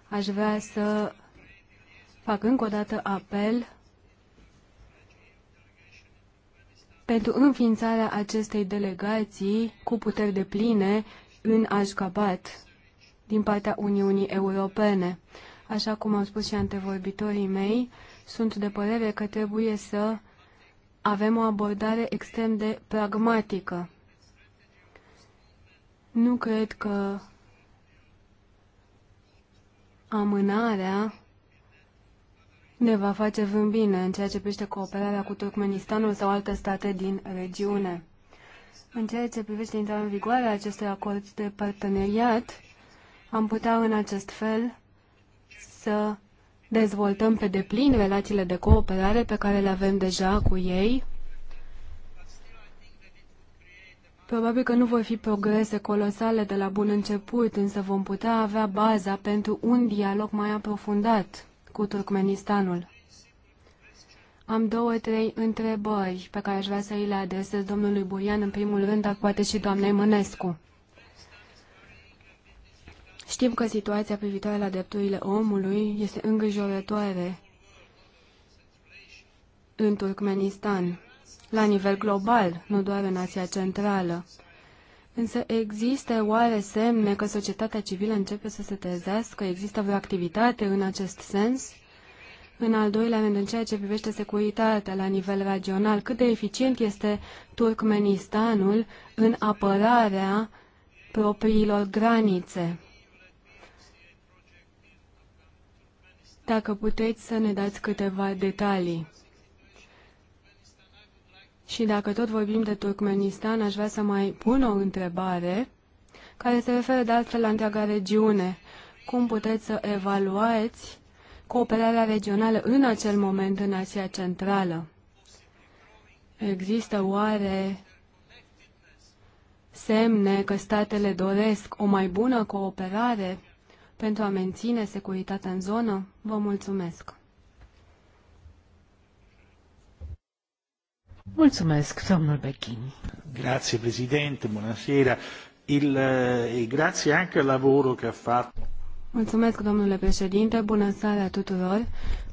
Aș vrea să fac încă o dată apel pentru înființarea acestei delegații cu puteri de pline în Ashgabat din partea Uniunii Europene. Așa cum am spus și antevorbitorii mei, sunt de părere că trebuie să avem o abordare extrem de pragmatică. Nu cred că amânarea ne va face vând bine în ceea ce privește cooperarea cu Turkmenistanul sau alte state din regiune. În ceea ce privește intrarea în vigoare a acestui acord de parteneriat, am putea în acest fel să dezvoltăm pe deplin relațiile de cooperare pe care le avem deja cu ei. Probabil că nu vor fi progrese colosale de la bun început, însă vom putea avea baza pentru un dialog mai aprofundat cu Turkmenistanul. Am două, trei întrebări pe care aș vrea să îi le adresez domnului Burian, în primul rând, dar poate și doamnei Mănescu. Știm că situația privitoare la drepturile omului este îngrijorătoare în Turkmenistan, la nivel global, nu doar în Asia Centrală. Însă există oare semne că societatea civilă începe să se trezească? Există vreo activitate în acest sens? În al doilea rând, în ceea ce privește securitatea la nivel regional, cât de eficient este Turkmenistanul în apărarea propriilor granițe? Dacă puteți să ne dați câteva detalii. Și dacă tot vorbim de Turkmenistan, aș vrea să mai pun o întrebare care se referă de altfel la întreaga regiune. Cum puteți să evaluați cooperarea regională în acel moment în Asia Centrală? Există oare semne că statele doresc o mai bună cooperare pentru a menține securitatea în zonă? Vă mulțumesc! Mulțumesc, domnul Bechin. Grazie, președinte. Buonasera. Il, eh, e grazie anche al lavoro che ha fatto. Mulțumesc, domnule președinte. Bună seara tuturor.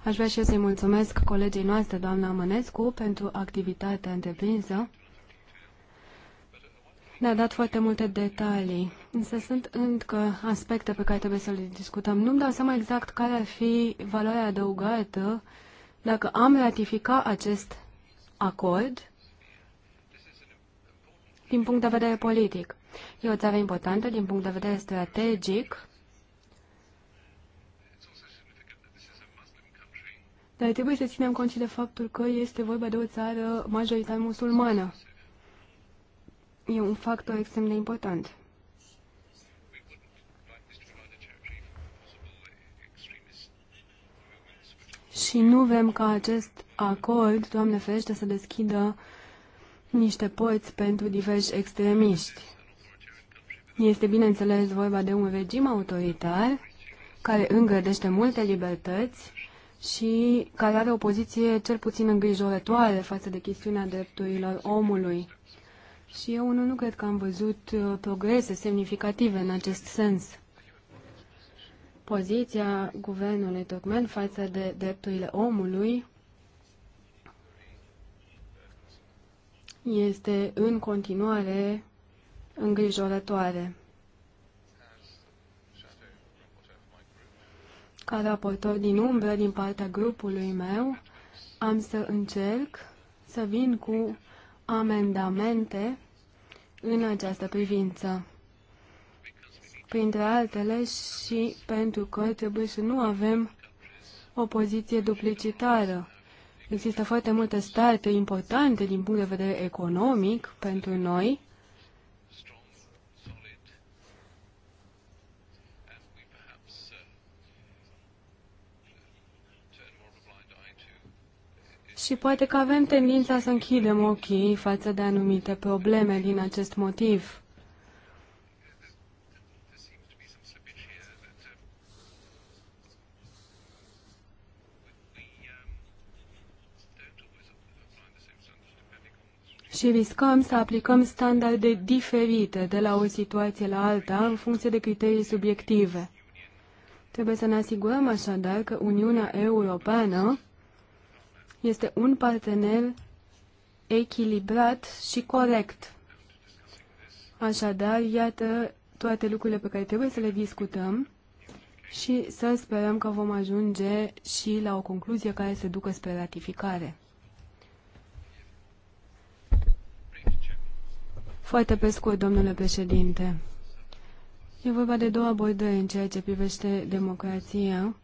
Aș vrea și să-i mulțumesc colegii noastre, doamna Mănescu, pentru activitatea întreprinsă. Ne-a dat foarte multe detalii, însă sunt încă aspecte pe care trebuie să le discutăm. Nu-mi dau seama exact care ar fi valoarea adăugată dacă am ratifica acest acord din punct de vedere politic. E o țară importantă din punct de vedere strategic, dar trebuie să ținem cont și de faptul că este vorba de o țară majoritar musulmană. E un factor extrem de important. și nu vrem ca acest acord, Doamne ferește, să deschidă niște porți pentru diversi extremiști. Este, bineînțeles, vorba de un regim autoritar care îngrădește multe libertăți și care are o poziție cel puțin îngrijorătoare față de chestiunea drepturilor omului. Și eu nu, nu cred că am văzut uh, progrese semnificative în acest sens poziția guvernului turcmen față de drepturile omului este în continuare îngrijorătoare. Ca raportor din umbră din partea grupului meu, am să încerc să vin cu amendamente în această privință printre altele și pentru că trebuie să nu avem o poziție duplicitară. Există foarte multe state importante din punct de vedere economic pentru noi, Și poate că avem tendința să închidem ochii față de anumite probleme din acest motiv. și riscăm să aplicăm standarde diferite de la o situație la alta în funcție de criterii subiective. Trebuie să ne asigurăm așadar că Uniunea Europeană este un partener echilibrat și corect. Așadar, iată toate lucrurile pe care trebuie să le discutăm și să sperăm că vom ajunge și la o concluzie care se ducă spre ratificare. Foarte pe scurt, domnule președinte. E vorba de două abordări în ceea ce privește democrația.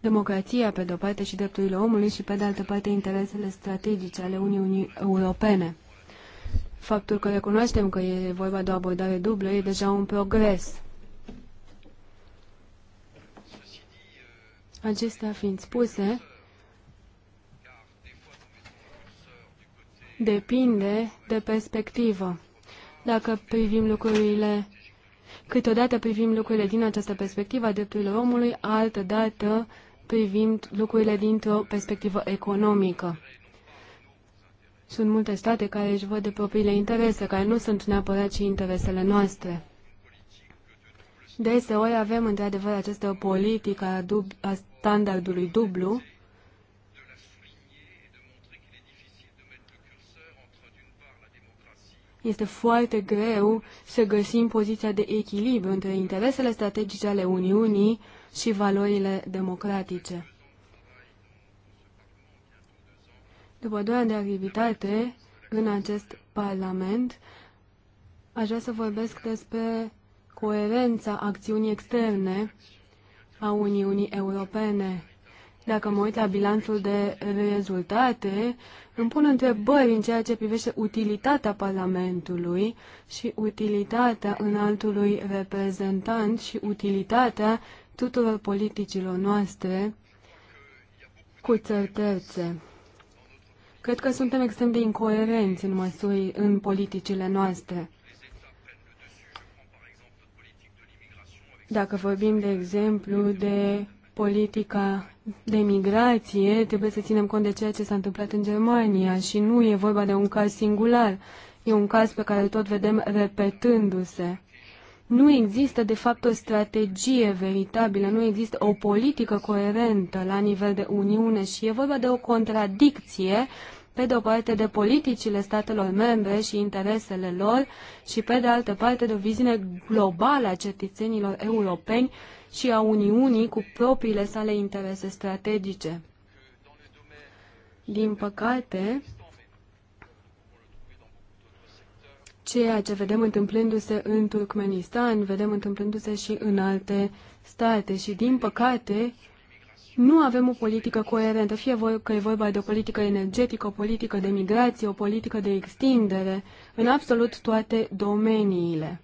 Democrația, pe de-o parte, și drepturile omului și, pe de altă parte, interesele strategice ale Uniunii Europene. Faptul că recunoaștem că e vorba de o abordare dublă e deja un progres. Acestea fiind spuse, depinde de perspectivă. Dacă privim lucrurile, câteodată privim lucrurile din această perspectivă a drepturilor omului, altădată privim lucrurile dintr-o perspectivă economică. Sunt multe state care își văd de propriile interese, care nu sunt neapărat și interesele noastre. Deseori avem într-adevăr această politică a, dub- a standardului dublu, este foarte greu să găsim poziția de echilibru între interesele strategice ale Uniunii și valorile democratice. După doi ani de activitate în acest Parlament, aș vrea să vorbesc despre coerența acțiunii externe a Uniunii Europene dacă mă uit la bilanțul de rezultate, îmi pun întrebări în ceea ce privește utilitatea Parlamentului și utilitatea înaltului reprezentant și utilitatea tuturor politicilor noastre cu țări Cred că suntem extrem de incoerenți în măsuri în politicile noastre. Dacă vorbim, de exemplu, de politica de migrație, trebuie să ținem cont de ceea ce s-a întâmplat în Germania și nu e vorba de un caz singular. E un caz pe care tot vedem repetându-se. Nu există, de fapt, o strategie veritabilă, nu există o politică coerentă la nivel de Uniune și e vorba de o contradicție uh, pe de o parte de politicile statelor membre și interesele lor și pe de altă parte de o viziune globală a cetățenilor europeni și a Uniunii cu propriile sale interese strategice. Din păcate, ceea ce vedem întâmplându-se în Turkmenistan, vedem întâmplându-se și în alte state și, din păcate, nu avem o politică coerentă, fie că e vorba de o politică energetică, o politică de migrație, o politică de extindere, în absolut toate domeniile.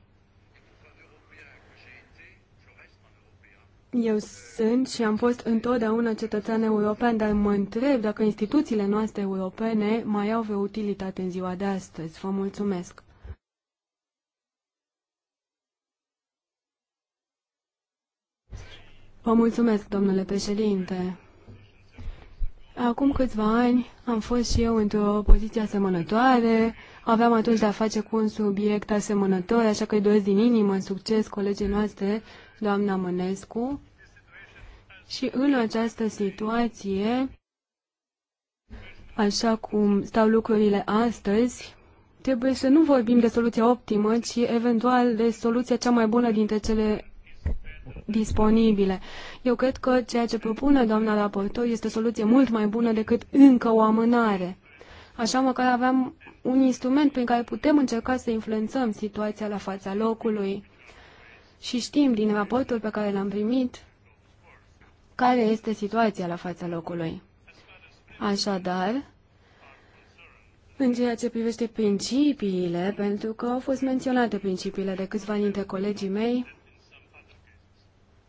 Eu sunt și am fost întotdeauna cetățean european, dar mă întreb dacă instituțiile noastre europene mai au vreo utilitate în ziua de astăzi. Vă mulțumesc! Vă mulțumesc, domnule președinte. Acum câțiva ani am fost și eu într-o poziție asemănătoare, aveam atunci de-a face cu un subiect asemănător, așa că îi doresc din inimă succes colegii noastre, doamna Mănescu. Și în această situație, așa cum stau lucrurile astăzi, trebuie să nu vorbim de soluția optimă, ci eventual de soluția cea mai bună dintre cele disponibile. Eu cred că ceea ce propune doamna raportor este o soluție mult mai bună decât încă o amânare. Așa măcar aveam un instrument prin care putem încerca să influențăm situația la fața locului. Și știm din raportul pe care l-am primit care este situația la fața locului. Așadar, în ceea ce privește principiile, pentru că au fost menționate principiile de câțiva dintre colegii mei,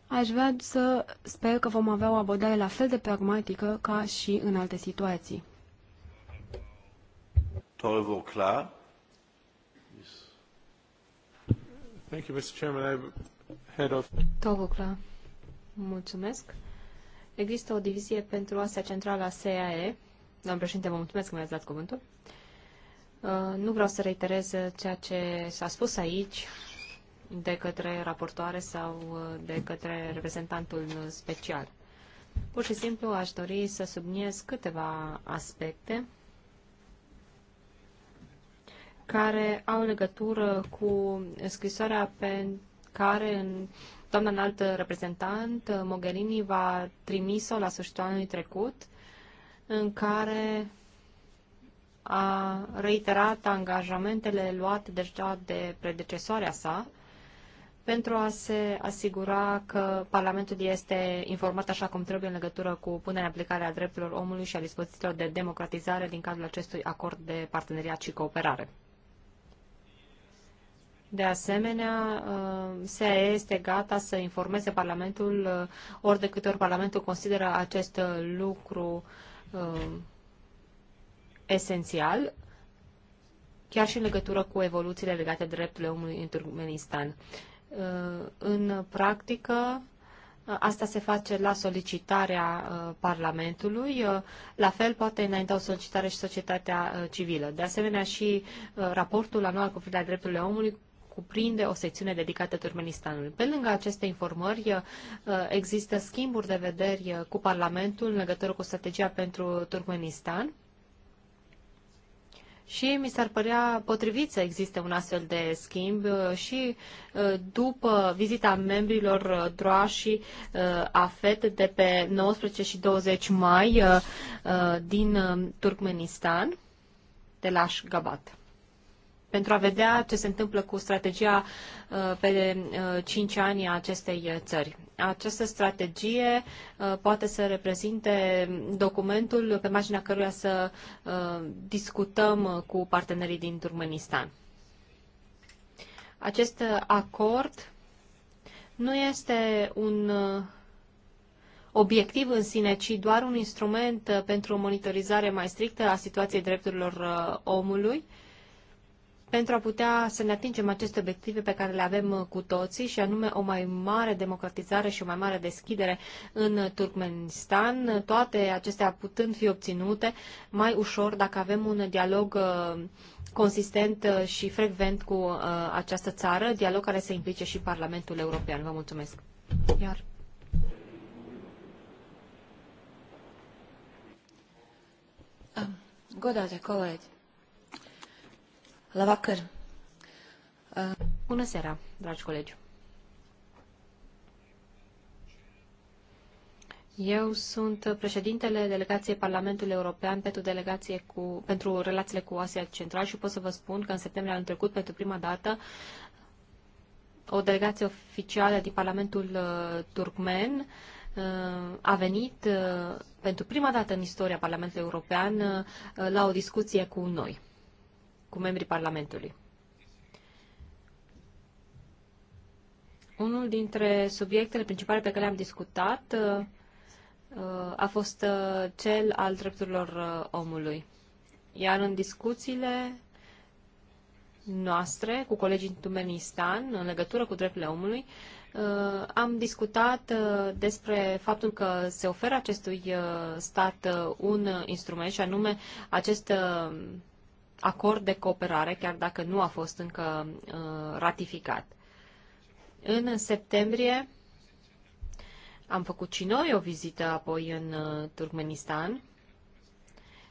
Aș vrea să sper că vom avea o abordare la fel de pragmatică ca și în alte situații. Toivo clar. Thank you, Mr. Chairman. I head of... Toivo clar. Mulțumesc. Există o divizie pentru Asia Centrală a SAE. Doamnă președinte, vă mulțumesc că mi-ați dat cuvântul. Uh, nu vreau să reiterez ceea ce s-a spus aici de către raportoare sau uh, de către reprezentantul special. Pur și simplu aș dori să subliniez câteva aspecte care au legătură cu scrisoarea pe care în doamna înaltă reprezentant uh, Mogherini va trimis-o la sfârșitul anului trecut, în care a reiterat angajamentele luate deja de predecesoarea sa pentru a se asigura că Parlamentul este informat așa cum trebuie în legătură cu punerea în aplicare a drepturilor omului și a dispozițiilor de democratizare din cadrul acestui acord de parteneriat și cooperare. De asemenea, uh, SAE este gata să informeze Parlamentul uh, ori de câte ori Parlamentul consideră acest uh, lucru esențial, chiar și în legătură cu evoluțiile legate de drepturile omului în Turkmenistan. Uh, în practică, uh, Asta se face la solicitarea uh, Parlamentului. La fel poate înainta o solicitare și societatea civilă. De asemenea și raportul anual cu privire la drepturile omului cuprinde o secțiune dedicată Turmenistanului. Pe lângă aceste informări, există schimburi de vederi cu Parlamentul în legătură cu strategia pentru Turmenistan. Și mi s-ar părea potrivit să existe un astfel de schimb uh, și uh, după vizita membrilor uh, DROA a AFET de pe 19 și 20 mai din Turkmenistan, de la Ashgabat pentru a vedea ce se întâmplă cu strategia uh, pe 5 uh, ani a acestei uh, țări. Această strategie poate să reprezinte documentul pe marginea căruia să discutăm cu partenerii din Turkmenistan. Acest acord nu este un obiectiv în sine, ci doar un instrument pentru o monitorizare mai strictă a situației drepturilor omului pentru a putea să ne atingem aceste obiective pe care le avem uh, cu toții și anume o mai mare democratizare și o mai mare deschidere în Turkmenistan, toate acestea putând fi obținute mai ușor dacă avem un dialog uh, consistent uh, și frecvent cu această țară, dialog care să implice și Parlamentul European. Vă mulțumesc. Iar. Godate colegi, Lavacăr. Uh. Bună seara, dragi colegi. Eu sunt președintele delegației Parlamentului European pentru, delegație cu, pentru relațiile cu Asia Central și pot să vă spun că în septembrie anul trecut, pentru prima dată, o delegație oficială din Parlamentul uh, turcmen uh, a venit uh, pentru prima dată în istoria Parlamentului European la o discuție cu noi cu membrii Parlamentului. Unul dintre subiectele principale pe care le-am discutat uh, uh, a fost uh, cel al drepturilor omului. Iar în discuțiile noastre cu colegii din Turkmenistan în legătură cu drepturile omului, am discutat despre faptul că se oferă acestui stat un instrument și anume acest acord de cooperare, chiar dacă nu a fost încă uh, ratificat. În septembrie am făcut și noi o vizită apoi în uh, Turkmenistan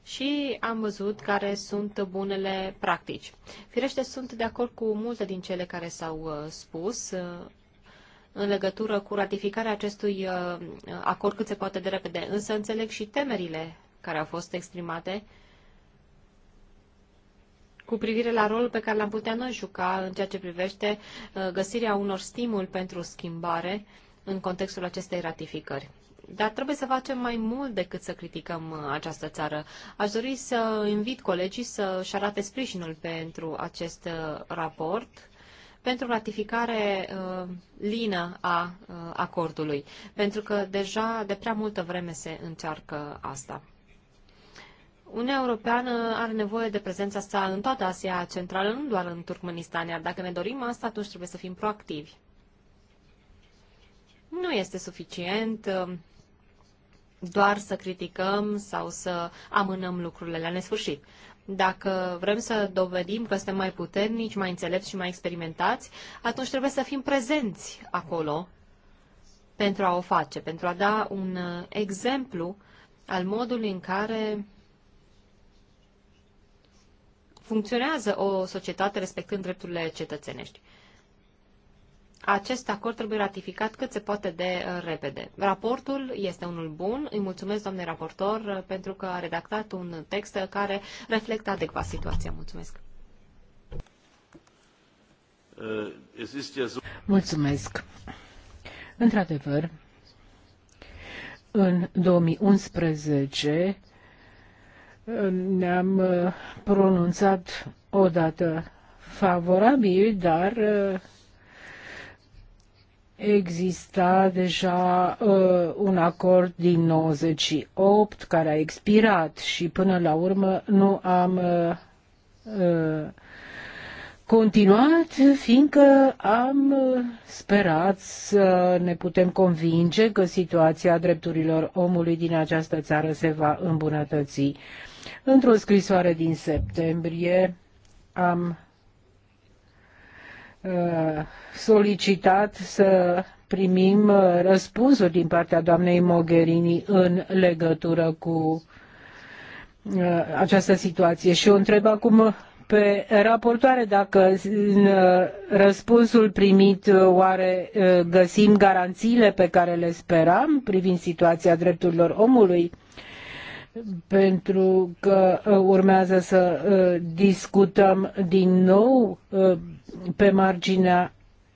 și am văzut care sunt bunele practici. Firește, sunt de acord cu multe din cele care s-au uh, spus în legătură cu ratificarea acestui acord cât se poate de repede, însă înțeleg și temerile care au fost exprimate cu privire la rolul pe care l-am putea noi juca în ceea ce privește uh, găsirea unor stimul pentru schimbare în contextul acestei ratificări. Dar trebuie să facem mai mult decât să criticăm uh, această țară. Aș dori să invit colegii să-și arate sprijinul pentru acest uh, raport pentru ratificare uh, lină a uh, acordului, pentru că deja de prea multă vreme se încearcă asta. Uniunea Europeană are nevoie de prezența sa în toată Asia Centrală, nu doar în Turkmenistan, iar dacă ne dorim asta, atunci trebuie să fim proactivi. Nu este suficient um, doar să criticăm sau să amânăm lucrurile la nesfârșit. Dacă vrem să dovedim că suntem mai puternici, mai înțelepți și mai experimentați, atunci trebuie să fim prezenți acolo pentru a o face, pentru a da un uh, exemplu al modului în care funcționează o societate respectând drepturile cetățenești. Acest acord trebuie ratificat cât se poate de uh, repede. Raportul este unul bun. Îi mulțumesc, doamne raportor, uh, pentru că a redactat un text uh, care reflectă adecvat situația. Mulțumesc. Mulțumesc. Într-adevăr, în 2011, ne-am uh, pronunțat odată favorabil, dar uh, exista deja uh, un acord din 98 care a expirat și până la urmă nu am continuat, fiindcă am sperat să ne putem convinge că situația drepturilor omului din această țară se va îmbunătăți. Într-o scrisoare din septembrie am uh, solicitat să primim uh, răspunsuri din partea doamnei Mogherini în legătură cu uh, această situație și o întreb acum pe raportoare dacă în răspunsul primit oare găsim garanțiile pe care le speram privind situația drepturilor omului pentru că uh, urmează să uh, discutăm din nou uh, pe marginea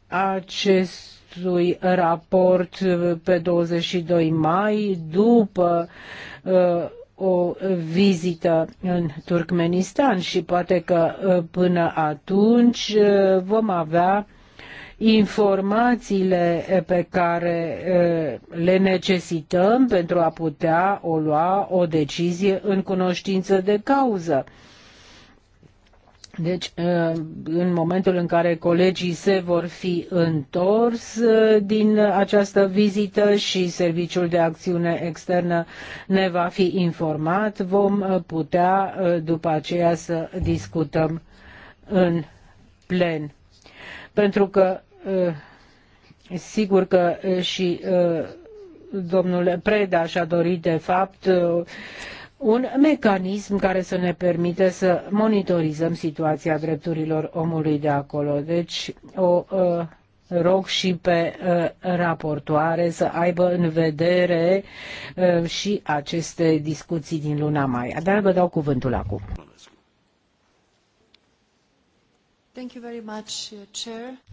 acestui raport pe 22 mai după o vizită în Turkmenistan și poate că până atunci vom avea informațiile eh, pe care eh, le necesităm pentru a putea o lua o decizie în cunotină de cauză. Deci, eh, în momentul în care colegii se vor fi întors din această vizită și Serviciul de Acțiune Externă ne va fi informat, vom putea după aceea să discutăm în plen. Pentru că Eh, sigur că eh, și eh, domnul Preda și-a dorit de fapt un mecanism care să ne permite să monitorizăm situația drepturilor omului de acolo. Deci o rog și pe raportoare să aibă în vedere și aceste discuții din luna mai. Dar vă dau cuvântul acum. Uh,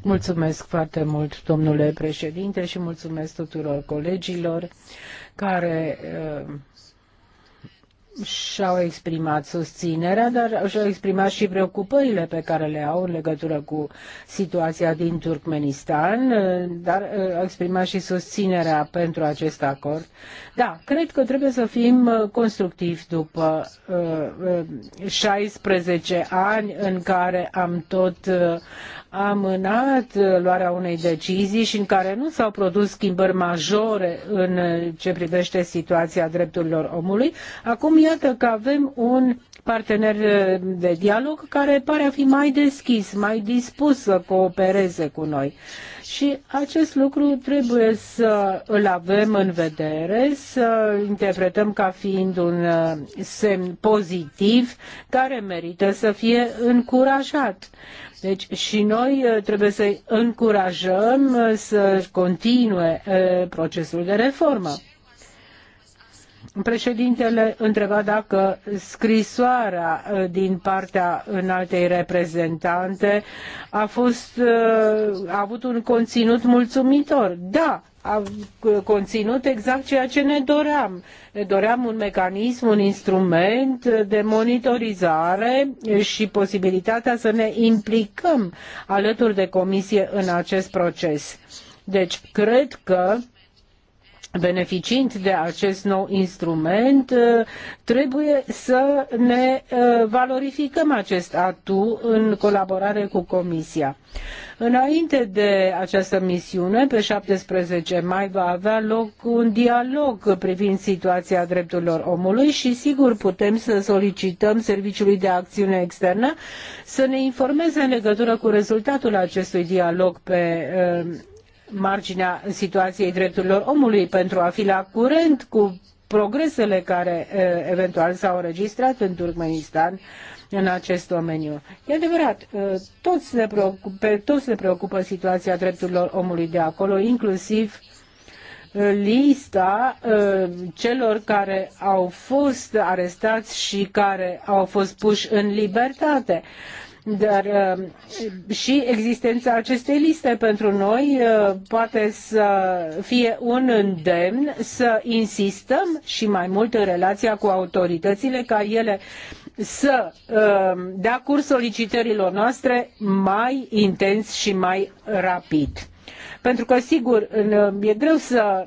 mulțumesc foarte mult, domnule președinte, și mulțumesc tuturor colegilor care uh, și-au exprimat susținerea, dar și-au exprimat și preocupările pe care le au în legătură cu situația din Turkmenistan, dar uh, au exprimat și susținerea pentru acest acord. Da, cred că trebuie să fim uh, constructivi după 16 uh, ani în care am tot amânat luarea unei decizii și în care nu s-au produs schimbări majore în ce privește situația drepturilor omului. Acum iată că avem un partener eh, de dialog care pare a fi mai deschis, mai dispus să coopereze cu noi. Și acest lucru trebuie să îl avem în vedere, să interpretăm ca fiind un eh, semn pozitiv care merită să fie încurajat. Deci și noi eh, trebuie să-i încurajăm să continue procesul de reformă. Președintele întreba dacă scrisoarea uh, din partea înaltei reprezentante a, fost, uh, a avut un conținut mulțumitor. Da, a uh, conținut exact ceea ce ne doream. Ne doream un mecanism, un instrument de monitorizare și posibilitatea să ne implicăm alături de comisie în acest proces. Deci, cred că beneficiind de acest nou instrument, uh, trebuie să ne uh, valorificăm acest atu în colaborare cu Comisia. Înainte de această misiune, pe 17 mai va avea loc un dialog privind situația drepturilor omului și sigur putem să solicităm Serviciului de Acțiune Externă să ne informeze în legătură cu rezultatul acestui dialog pe uh, marginea situației drepturilor omului pentru a fi la curent cu progresele care eventual s-au înregistrat în Turkmenistan în acest domeniu. E adevărat, toți ne preocupă, toți ne preocupă situația drepturilor omului de acolo, inclusiv lista celor care au fost arestați și care au fost puși în libertate. Dar uh, și existența acestei liste pentru noi uh, poate să fie un îndemn să insistăm și mai mult în relația cu autoritățile ca ele să uh, dea curs solicitărilor noastre mai intens și mai rapid. Pentru că, sigur, e greu să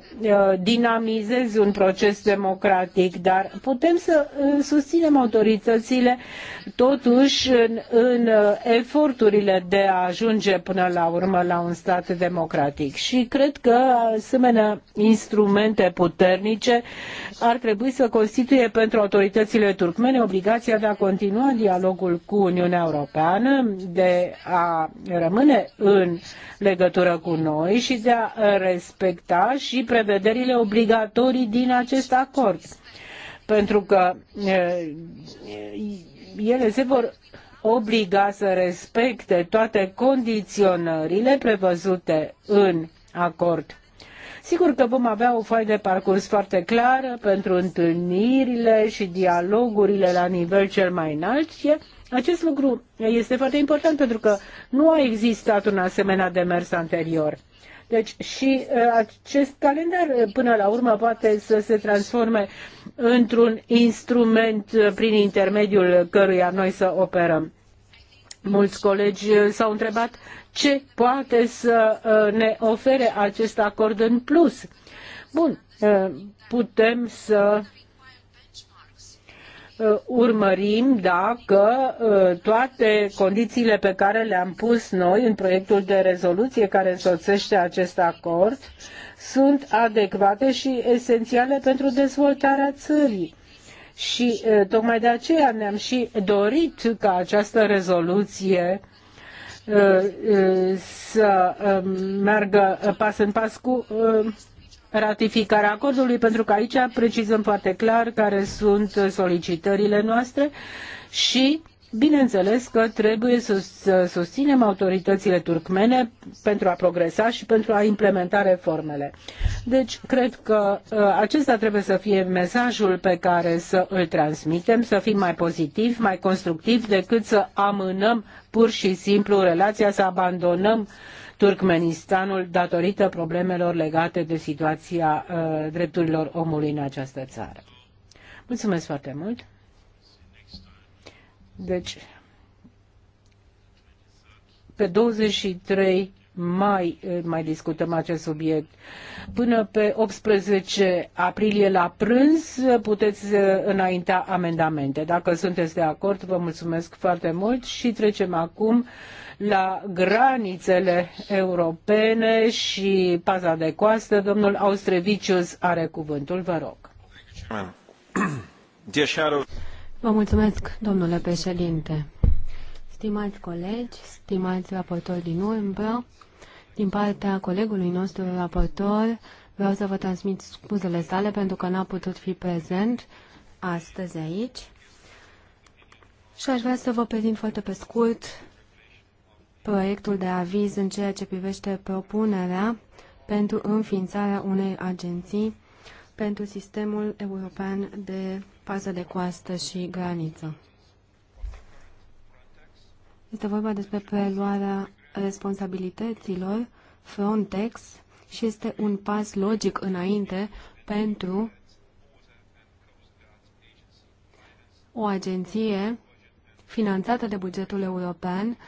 dinamizezi un proces democratic, dar putem să susținem autoritățile totuși în, în eforturile de a ajunge până la urmă la un stat democratic. Și cred că asemenea instrumente puternice ar trebui să constituie pentru autoritățile turcmene obligația de a continua dialogul cu Uniunea Europeană, de a rămâne în legătură cu noi, noi și de a uh, respecta și prevederile obligatorii din acest acord. Pentru că uh, ele se vor obliga să respecte toate condiționările prevăzute în acord. Sigur că vom avea o foaie de parcurs foarte clară pentru întâlnirile și dialogurile la nivel cel mai înalt, acest lucru este foarte important pentru că nu a existat un asemenea demers anterior. Deci și uh, acest calendar uh, până la urmă poate să se transforme într-un instrument uh, prin intermediul căruia noi să operăm. Mulți colegi s-au întrebat ce poate să ne ofere acest acord în plus. Bun, putem să Uh, urmărim dacă uh, toate condițiile pe care le-am pus noi în proiectul de rezoluție care însoțește acest acord sunt adecvate și esențiale pentru dezvoltarea țării. Și uh, tocmai de aceea ne-am și dorit ca această rezoluție să meargă pas în pas cu ratificarea acordului, pentru că aici precizăm foarte clar care sunt solicitările noastre și Bineînțeles că trebuie să susținem autoritățile turcmene pentru a progresa și pentru a implementa reformele. Deci, cred că uh, acesta trebuie să fie mesajul pe care să îl transmitem, să fim mai pozitivi, mai constructivi, decât să amânăm pur și simplu relația, să abandonăm uh, Turkmenistanul datorită problemelor legate de situația uh, drepturilor omului în această țară. Mulțumesc foarte mult! Deci, pe 23 mai eh, mai discutăm acest subiect. Până pe 18 aprilie la prânz eh, puteți eh, înainta amendamente. Dacă sunteți de acord, vă mulțumesc foarte mult și trecem acum la granițele europene și paza de coastă. Domnul Austrevicius are cuvântul, vă rog. Vă mulțumesc, domnule președinte. Stimați colegi, stimați raportori din urmă, din partea colegului nostru raportor, vreau să vă transmit scuzele sale pentru că n-a putut fi prezent astăzi aici. Și aș vrea să vă prezint foarte pe scurt proiectul de aviz în ceea ce privește propunerea pentru înființarea unei agenții pentru sistemul european de pază de coastă și graniță. Este vorba despre preluarea responsabilităților Frontex și este un pas logic înainte pentru o agenție finanțată de bugetul european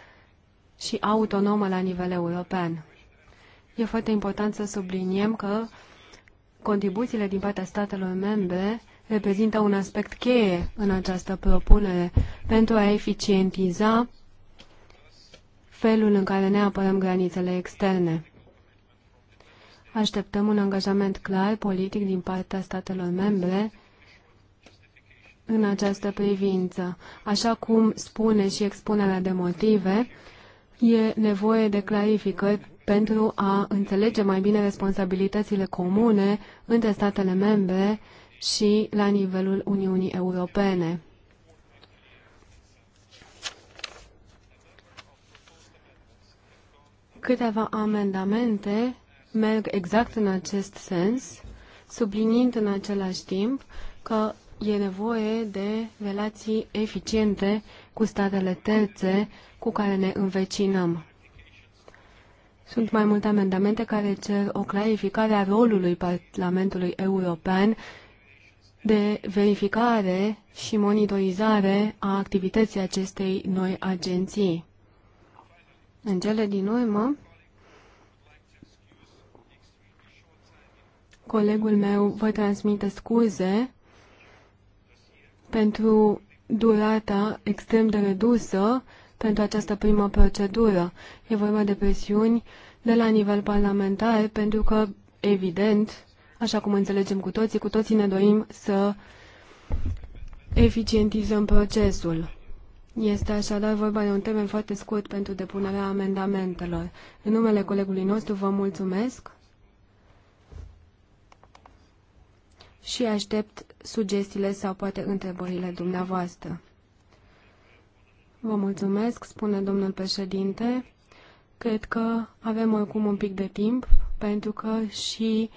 și autonomă la nivel european. E foarte important să subliniem că contribuțiile din partea statelor membre reprezintă un aspect cheie în această propunere pentru a eficientiza felul în care ne apărăm granițele externe. Așteptăm un angajament clar politic din partea statelor membre în această privință. Așa cum spune și expunerea de motive, e nevoie de clarificări pentru a înțelege mai bine responsabilitățile comune între statele membre și la nivelul Uniunii Europene. Câteva amendamente merg exact în acest sens, subliniind în același timp că e nevoie de relații eficiente cu statele terțe cu care ne învecinăm. Sunt mai multe amendamente care cer o clarificare a rolului Parlamentului European de verificare și monitorizare a activității acestei noi agenții. În cele din urmă, colegul meu vă transmite scuze pentru durata extrem de redusă pentru această primă procedură. E vorba de presiuni de la nivel parlamentar, pentru că, evident, așa cum înțelegem cu toții, cu toții ne dorim să eficientizăm procesul. Este așadar vorba de un termen foarte scurt pentru depunerea amendamentelor. În numele colegului nostru vă mulțumesc și aștept sugestiile sau poate întrebările dumneavoastră. Vă mulțumesc, spune domnul președinte. Cred că avem oricum un pic de timp, pentru că și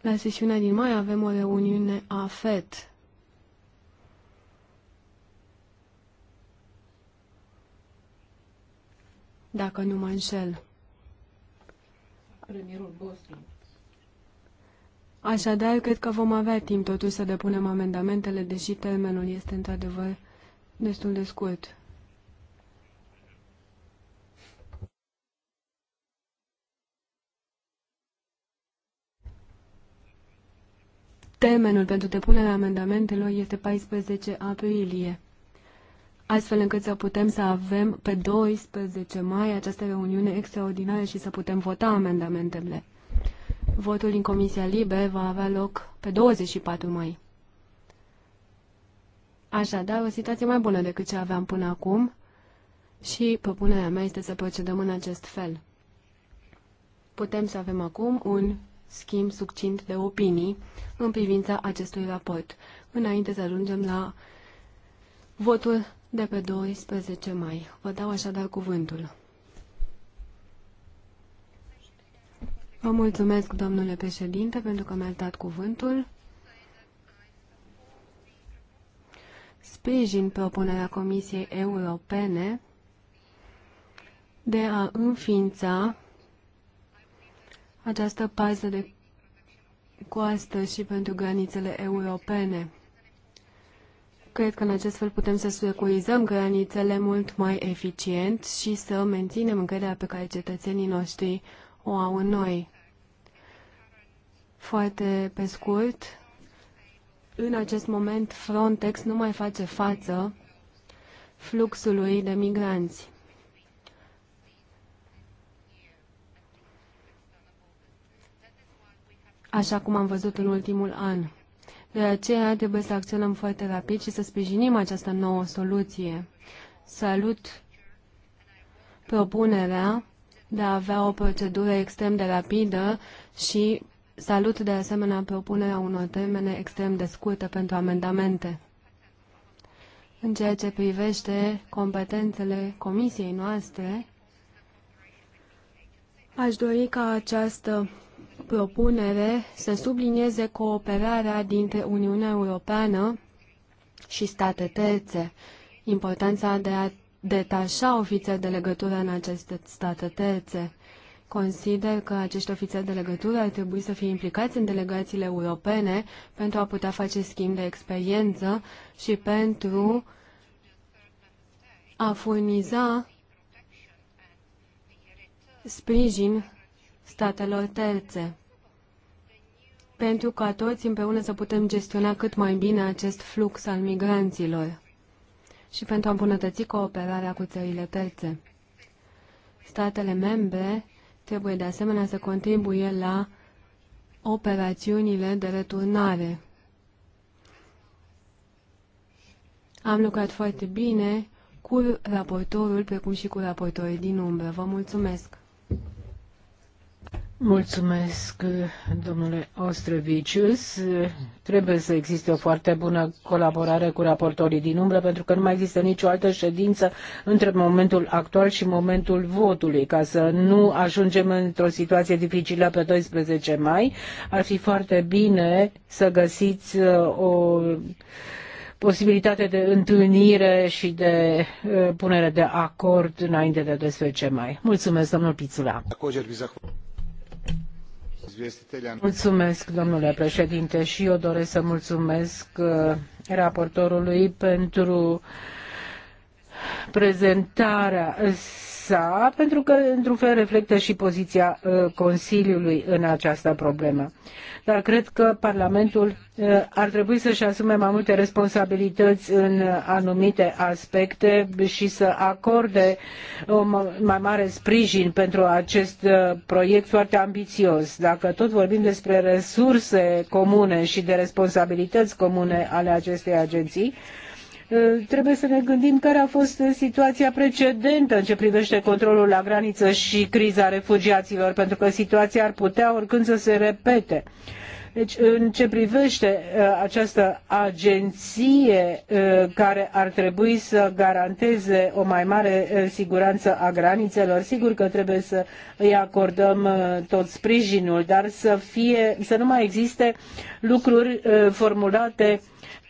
la sesiunea din mai avem o reuniune a FED dacă nu mă înșel. Premierul Bosniei. Așadar, cred că vom avea timp totuși să depunem amendamentele, deși termenul este într-adevăr destul de scurt. Termenul pentru depunerea amendamentelor este 14 aprilie astfel încât să putem să avem pe 12 mai această reuniune extraordinară și să putem vota amendamentele. Votul din Comisia Libe va avea loc pe 24 mai. Așadar, o situație mai bună decât ce aveam până acum și propunerea mea este să procedăm în acest fel. Putem să avem acum un schimb succint de opinii în privința acestui raport, înainte să ajungem la votul de pe 12 mai. Vă dau așadar cuvântul. Vă mulțumesc, domnule președinte, pentru că mi-ați dat cuvântul. Sprijin propunerea Comisiei Europene de a înființa această pază de coastă și pentru granițele europene. Cred că în acest fel putem să securizăm granițele mult mai eficient și să menținem încrederea pe care cetățenii noștri o au în noi. Foarte pe scurt, în acest moment Frontex nu mai face față fluxului de migranți. Așa cum am văzut în ultimul an. De aceea trebuie să acționăm foarte rapid și să sprijinim această nouă soluție. Salut propunerea de a avea o procedură extrem de rapidă și salut de asemenea propunerea unor termene extrem de scurte pentru amendamente. În ceea ce privește competențele comisiei noastre, aș dori ca această propunere să sublinieze cooperarea dintre Uniunea Europeană și state terțe, importanța de a detașa ofițeri de legătură în aceste state terțe. Consider că acești ofițeri de legătură ar trebui să fie implicați în delegațiile europene pentru a putea face schimb de experiență și pentru a furniza sprijin statelor terțe, pentru ca toți împreună să putem gestiona cât mai bine acest flux al migranților și pentru a îmbunătăți cooperarea cu țările terțe. Statele membre trebuie de asemenea să contribuie la operațiunile de returnare. Am lucrat foarte bine cu raportorul, precum și cu raportorii din umbră. Vă mulțumesc! Mulțumesc, domnule Ostrevicius. Trebuie să existe o foarte bună colaborare cu raportorii din umbră, pentru că nu mai există nicio altă ședință între momentul actual și momentul votului. Ca să nu ajungem într-o situație dificilă pe 12 mai, ar fi foarte bine să găsiți uh, o posibilitate de întâlnire și de uh, punere de acord înainte de 12 mai. Mulțumesc, domnul Pițula. Mulțumesc, domnule președinte, și eu doresc să mulțumesc uh, raportorului pentru prezentarea sa, pentru că, într-un fel, reflectă și poziția uh, Consiliului în această problemă. Dar cred că Parlamentul uh, ar trebui să-și asume mai multe responsabilități în uh, anumite aspecte și să acorde o mai mare sprijin pentru acest proiect foarte ambițios. Dacă tot vorbim despre resurse comune și de responsabilități comune ale acestei agenții, Eh, trebuie să ne gândim care a fost situația precedentă în ce privește controlul la graniță și criza refugiaților, pentru că situația ar putea oricând să se repete. Deci, în ce privește eh, această agenție eh, care ar trebui să garanteze o mai mare siguranță a granițelor, sigur că trebuie să îi acordăm tot sprijinul, dar să, fie, să nu mai existe lucruri formulate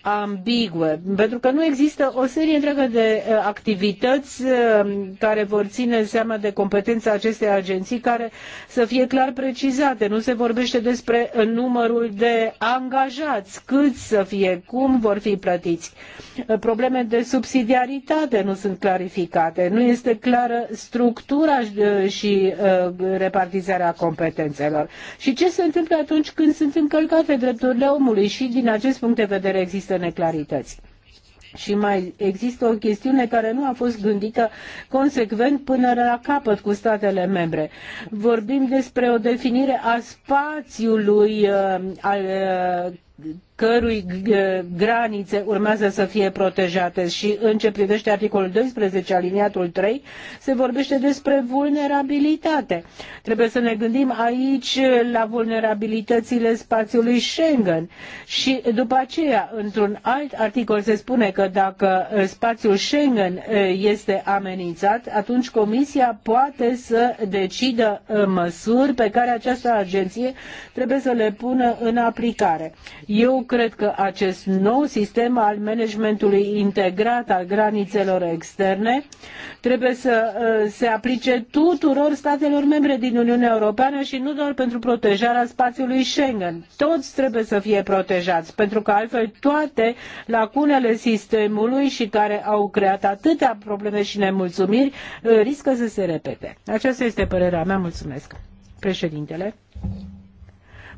ambigue, pentru că nu există o serie întreagă de uh, activități uh, care vor ține seama de competența acestei agenții care să fie clar precizate. Nu se vorbește despre uh, numărul de angajați, cât să fie, cum vor fi plătiți. Probleme de subsidiaritate nu sunt clarificate, nu este clară structura și repartizarea competențelor. Și ce se întâmplă atunci când sunt încălcate drepturile omului? Și din acest punct de vedere există există neclarități. Și mai există o chestiune care nu a fost gândită consecvent până la capăt cu statele membre. Vorbim despre o definire a spațiului uh, al uh, cărui eh, granițe urmează să fie protejate și în ce privește articolul 12 aliniatul 3 se vorbește despre vulnerabilitate. Trebuie să ne gândim aici la vulnerabilitățile spațiului Schengen și după aceea într-un alt articol se spune că dacă spațiul Schengen eh, este amenințat, atunci Comisia poate să decidă eh, măsuri pe care această agenție trebuie să le pună în aplicare. Eu cred că acest nou sistem al managementului integrat al granițelor externe trebuie să uh, se aplice tuturor statelor membre din Uniunea Europeană și nu doar pentru protejarea spațiului Schengen. Toți trebuie să fie protejați, pentru că altfel toate lacunele sistemului și care au creat atâtea probleme și nemulțumiri uh, riscă să se repete. Aceasta este părerea mea. Mulțumesc. Președintele.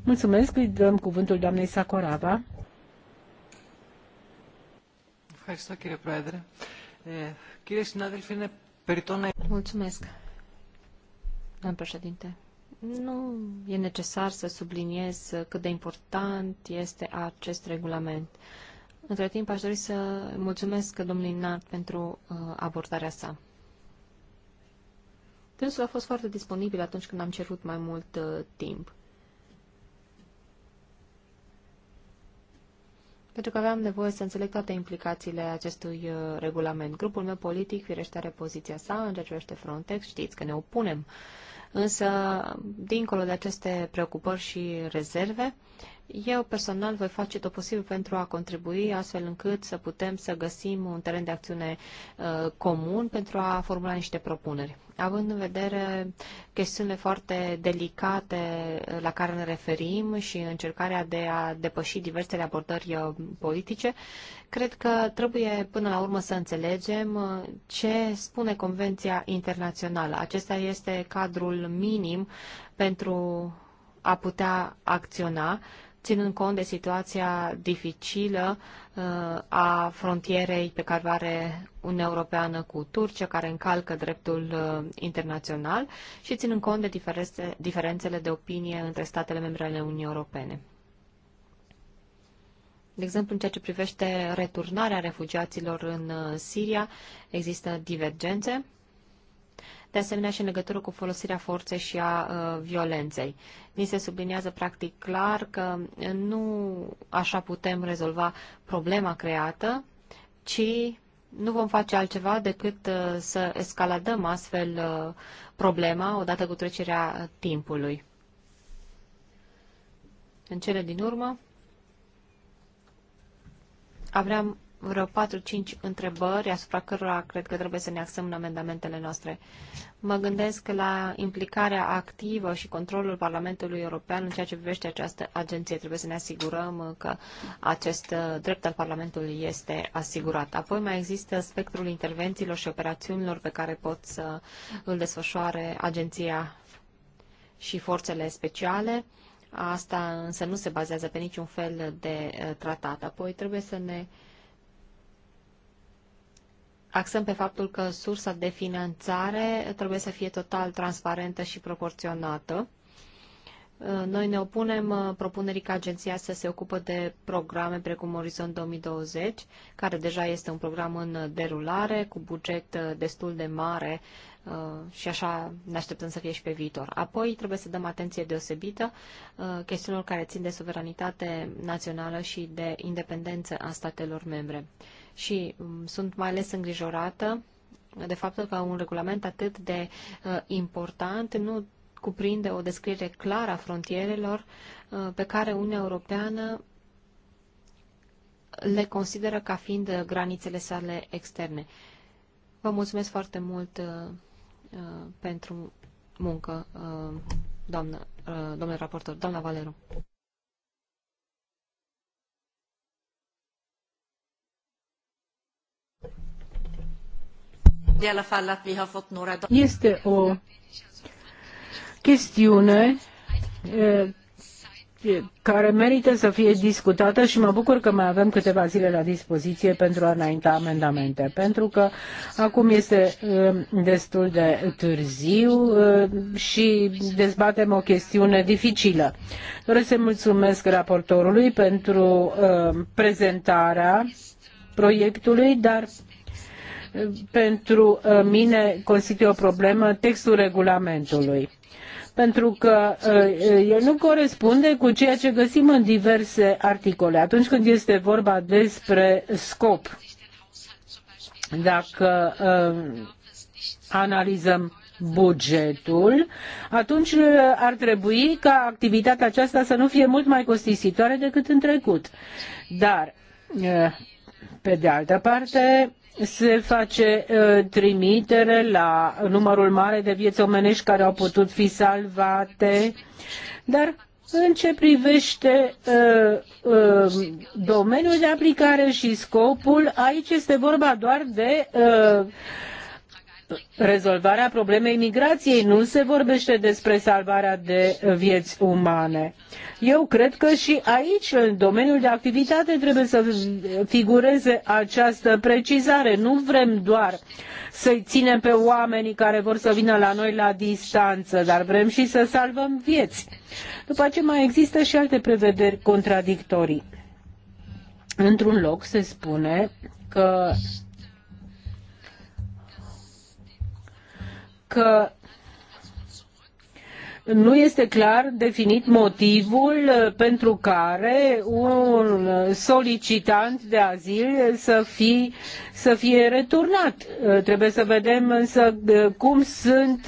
Mulțumesc, îi dăm cuvântul doamnei Sacorava. Mulțumesc, doamnă președinte. Nu e necesar să subliniez cât de important este acest regulament. Între timp, aș dori să mulțumesc domnului Nart pentru uh, abordarea sa. Dânsul a fost foarte disponibil atunci când am cerut mai mult uh, timp. pentru că aveam nevoie să înțeleg toate implicațiile acestui uh, regulament. Grupul meu politic, firește, are poziția sa în ceea ce privește Frontex, știți că ne opunem. Însă, dincolo de aceste preocupări și rezerve, eu personal voi face tot posibil pentru a contribui astfel încât să putem să găsim un teren de acțiune uh, comun pentru a formula niște propuneri. Având în vedere chestiunile foarte delicate uh, la care ne referim și încercarea de a depăși diversele abordări uh, politice, cred că trebuie până la urmă să înțelegem ce spune Convenția Internațională. Acesta este cadrul minim pentru a putea acționa ținând cont de situația dificilă uh, a frontierei pe care o are Uniunea Europeană cu Turcia, care încalcă dreptul uh, internațional și ținând cont de diferențele de opinie între statele membre ale Uniunii Europene. De exemplu, în ceea ce privește returnarea refugiaților în uh, Siria, există divergențe de asemenea și în legătură cu folosirea forței și a uh, violenței. Ni se subliniază practic clar că nu așa putem rezolva problema creată, ci nu vom face altceva decât uh, să escaladăm astfel uh, problema odată cu trecerea timpului. În cele din urmă, aveam vreo 4-5 întrebări asupra cărora cred că trebuie să ne axăm în amendamentele noastre. Mă gândesc la implicarea activă și controlul Parlamentului European în ceea ce privește această agenție. Trebuie să ne asigurăm că acest drept al Parlamentului este asigurat. Apoi mai există spectrul intervențiilor și operațiunilor pe care pot să îl desfășoare agenția și forțele speciale. Asta însă nu se bazează pe niciun fel de eh, tratat. Apoi trebuie să ne axăm pe faptul că sursa de finanțare trebuie să fie total transparentă și proporționată. Uh, noi ne opunem uh, propunerii ca agenția să se ocupă de programe precum Orizont 2020, care deja este un program în derulare, cu buget uh, destul de mare și așa ne așteptăm să fie și pe viitor. Apoi trebuie să dăm atenție deosebită chestiunilor care țin de suveranitate națională și de independență a statelor membre și mm, sunt mai ales îngrijorată de faptul că un regulament atât de uh, important nu cuprinde o descriere clară a frontierelor uh, pe care Uniunea Europeană le consideră ca fiind uh, granițele sale externe. Vă mulțumesc foarte mult pentru muncă, doamnă, domnule raportor. Doamna Valeru. Este o chestiune care merită să fie discutată și mă bucur că mai avem câteva zile la dispoziție pentru a înainta amendamente, pentru că acum este destul de târziu și dezbatem o chestiune dificilă. Doresc să mulțumesc raportorului pentru prezentarea proiectului, dar pentru uh, mine constituie o problemă textul regulamentului pentru că uh, uh, el nu corespunde cu ceea ce găsim în diverse articole atunci când este vorba despre scop. Dacă analizăm bugetul, atunci ar trebui ca activitatea aceasta să nu fie mult mai costisitoare decât în trecut. Dar, pe de altă parte, se face ă, trimitere la numărul mare de vieți omenești care au putut fi salvate, dar în ce privește uh, uh, domeniul de aplicare și scopul, aici este vorba doar de uh, rezolvarea problemei migrației, nu se vorbește despre salvarea de vieți umane. Eu cred că și aici, în domeniul de activitate, trebuie să figureze această precizare. Nu vrem doar să-i ținem pe oamenii care vor să vină la noi la distanță, dar vrem și să salvăm vieți. După ce mai există și alte prevederi contradictorii. Într-un loc se spune că că nu este clar definit motivul uh, pentru care un uh, solicitant de azil să, fi, să fie returnat. Uh, trebuie să vedem însă cum sunt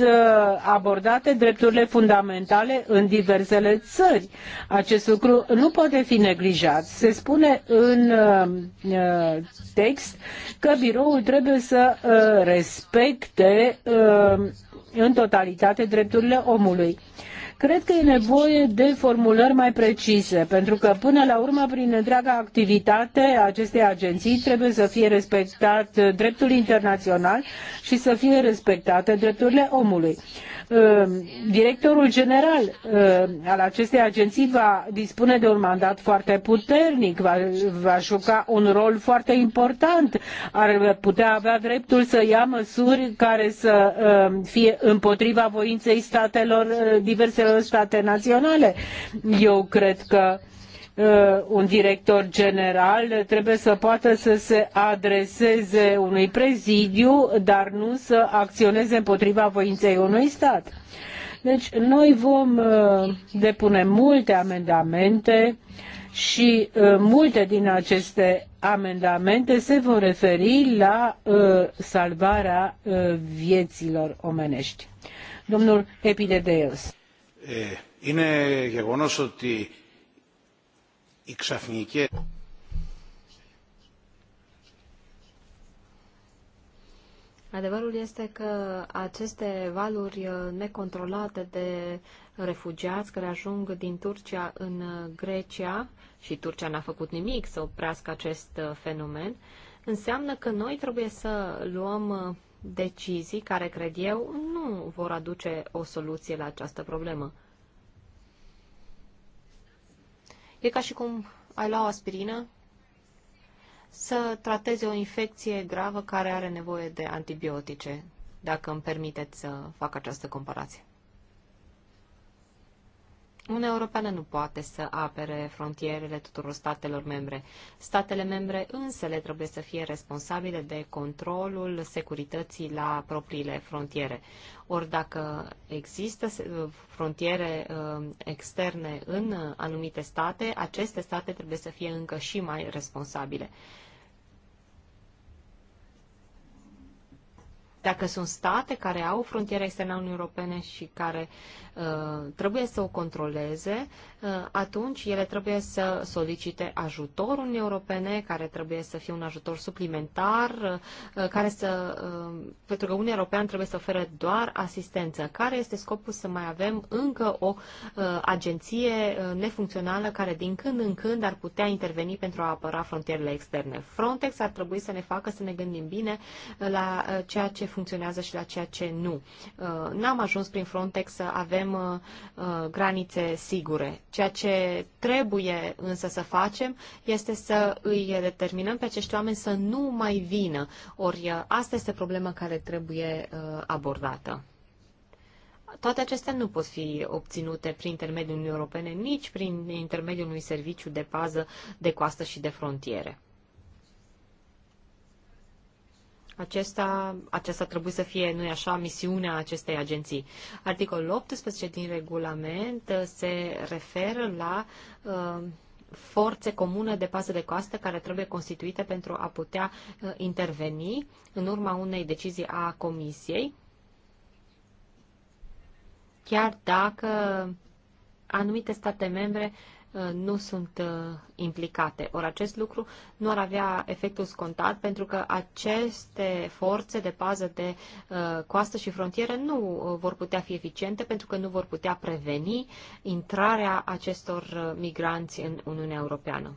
abordate drepturile fundamentale în diversele țări. Acest lucru nu poate fi neglijat. Se spune în text că biroul trebuie să respecte în totalitate drepturile omului. Cred că e nevoie de formulări mai precise, pentru că până la urmă, prin întreaga activitate a acestei agenții, trebuie să fie respectat dreptul internațional și să fie respectate drepturile omului. Ehm, directorul general ehm, al acestei agenții va dispune de un mandat foarte puternic, va, va juca un rol foarte important, ar putea avea dreptul să ia măsuri care să ehm, fie împotriva voinței statelor, diverselor state naționale. Eu cred că Uh, un director general trebuie să poată să se adreseze unui prezidiu, dar nu să acționeze împotriva voinței unui stat. Deci noi vom uh, depune multe amendamente și uh, multe din aceste amendamente se vor referi la salvarea vieților omenești. Domnul Epidedeus. Είναι eh, i ξαφνικές... Adevărul este că aceste valuri necontrolate de refugiați care ajung din Turcia în Grecia, și Turcia n-a făcut nimic să oprească acest fenomen, înseamnă că noi trebuie să luăm decizii care, cred eu, nu vor aduce o soluție la această problemă. E ca și cum ai lua o aspirină să trateze o infecție gravă care are nevoie de antibiotice, dacă îmi permiteți să fac această comparație. Uniunea Europeană nu poate să apere frontierele tuturor statelor membre. Statele membre însă, le trebuie să fie responsabile de controlul securității la propriile frontiere. Ori dacă există frontiere uh, externe în anumite state, aceste state trebuie să fie încă și mai responsabile. Dacă sunt state care au frontiere externe a Uniunii Europene și care uh, trebuie să o controleze, Uh, atunci ele trebuie să solicite ajutorul Uniunii Europene, care trebuie să fie un ajutor suplimentar, uh, care să, uh, pentru că Uniunea Europeană trebuie să ofere doar asistență. Care este scopul să mai avem încă o agenție nefuncțională care din când în când ar putea interveni pentru a apăra frontierele externe? Frontex ar trebui să ne facă să ne gândim bine la ceea ce funcționează și la ceea ce nu. N-am ajuns prin Frontex să avem granițe sigure Ceea ce trebuie însă să facem este să îi determinăm pe acești oameni să nu mai vină. Ori uh, asta este problema care trebuie uh, abordată. Toate acestea nu pot fi obținute prin intermediul Uniunii Europene, nici prin intermediul unui serviciu de pază de coastă și de frontiere. Acesta, aceasta trebuie să fie, nu așa, misiunea acestei agenții. Articolul 18 din regulament uh, se referă la uh, forțe comune de pază de coastă care trebuie constituite pentru a putea uh, interveni în urma unei decizii a Comisiei, chiar dacă anumite state membre uh, Uh, nu sunt uh, implicate. Ori acest lucru nu ar avea efectul scontat pentru că aceste forțe de pază de uh, coastă și frontieră nu vor putea fi eficiente pentru că nu vor putea preveni intrarea acestor migranți în Uniunea Europeană.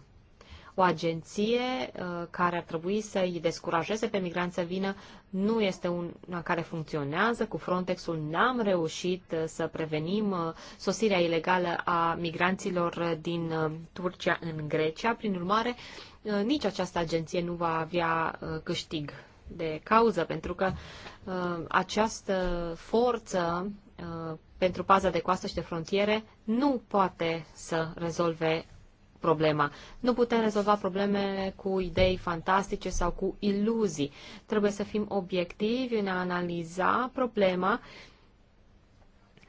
O agenție uh, care ar trebui să îi descurajeze pe migranți să vină nu este una care funcționează. Cu Frontexul n-am reușit uh, să prevenim uh, sosirea ilegală a migranților din Turcia în Grecia. Prin urmare, nici această agenție nu va avea câștig de cauză, pentru că această forță pentru paza de coastă și de frontiere nu poate să rezolve problema. Nu putem rezolva probleme cu idei fantastice sau cu iluzii. Trebuie să fim obiectivi în a analiza problema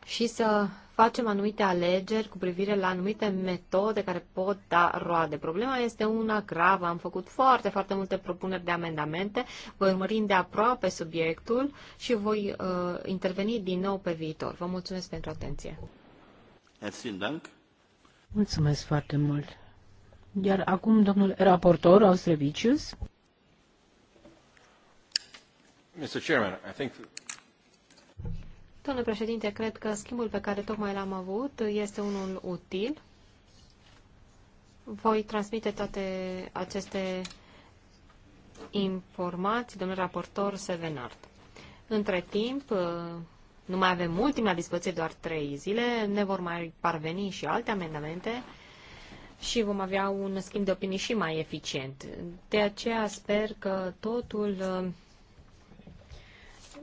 și să facem anumite alegeri cu privire la anumite metode care pot da roade. Problema este una gravă. Am făcut foarte, foarte multe propuneri de amendamente, voi urmări de aproape subiectul și voi uh, interveni din nou pe viitor. Vă mulțumesc pentru atenție. Mulțumesc foarte mult. Iar acum domnul raportor Austrevicius. Mr. Chairman, I think Domnule președinte, cred că schimbul pe care tocmai l-am avut este unul util. Voi transmite toate aceste informații, domnul raportor Sevenard. Între timp, nu mai avem ultima dispoziție, doar trei zile, ne vor mai parveni și alte amendamente și vom avea un schimb de opinii și mai eficient. De aceea sper că totul uh,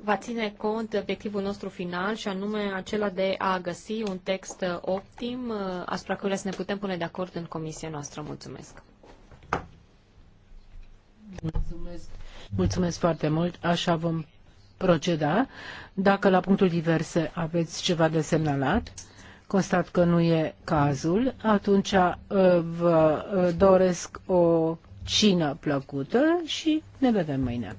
va ține cont obiectivul nostru final și anume acela de a găsi un text uh, optim uh, asupra căruia să ne putem pune de acord în comisia noastră. Mulțumesc! Mulțumesc, Mulțumesc foarte mult. Așa vom proceda. Dacă la punctul diverse aveți ceva de semnalat constat că nu e cazul, atunci uh, vă uh, doresc o cină plăcută și ne vedem mâine.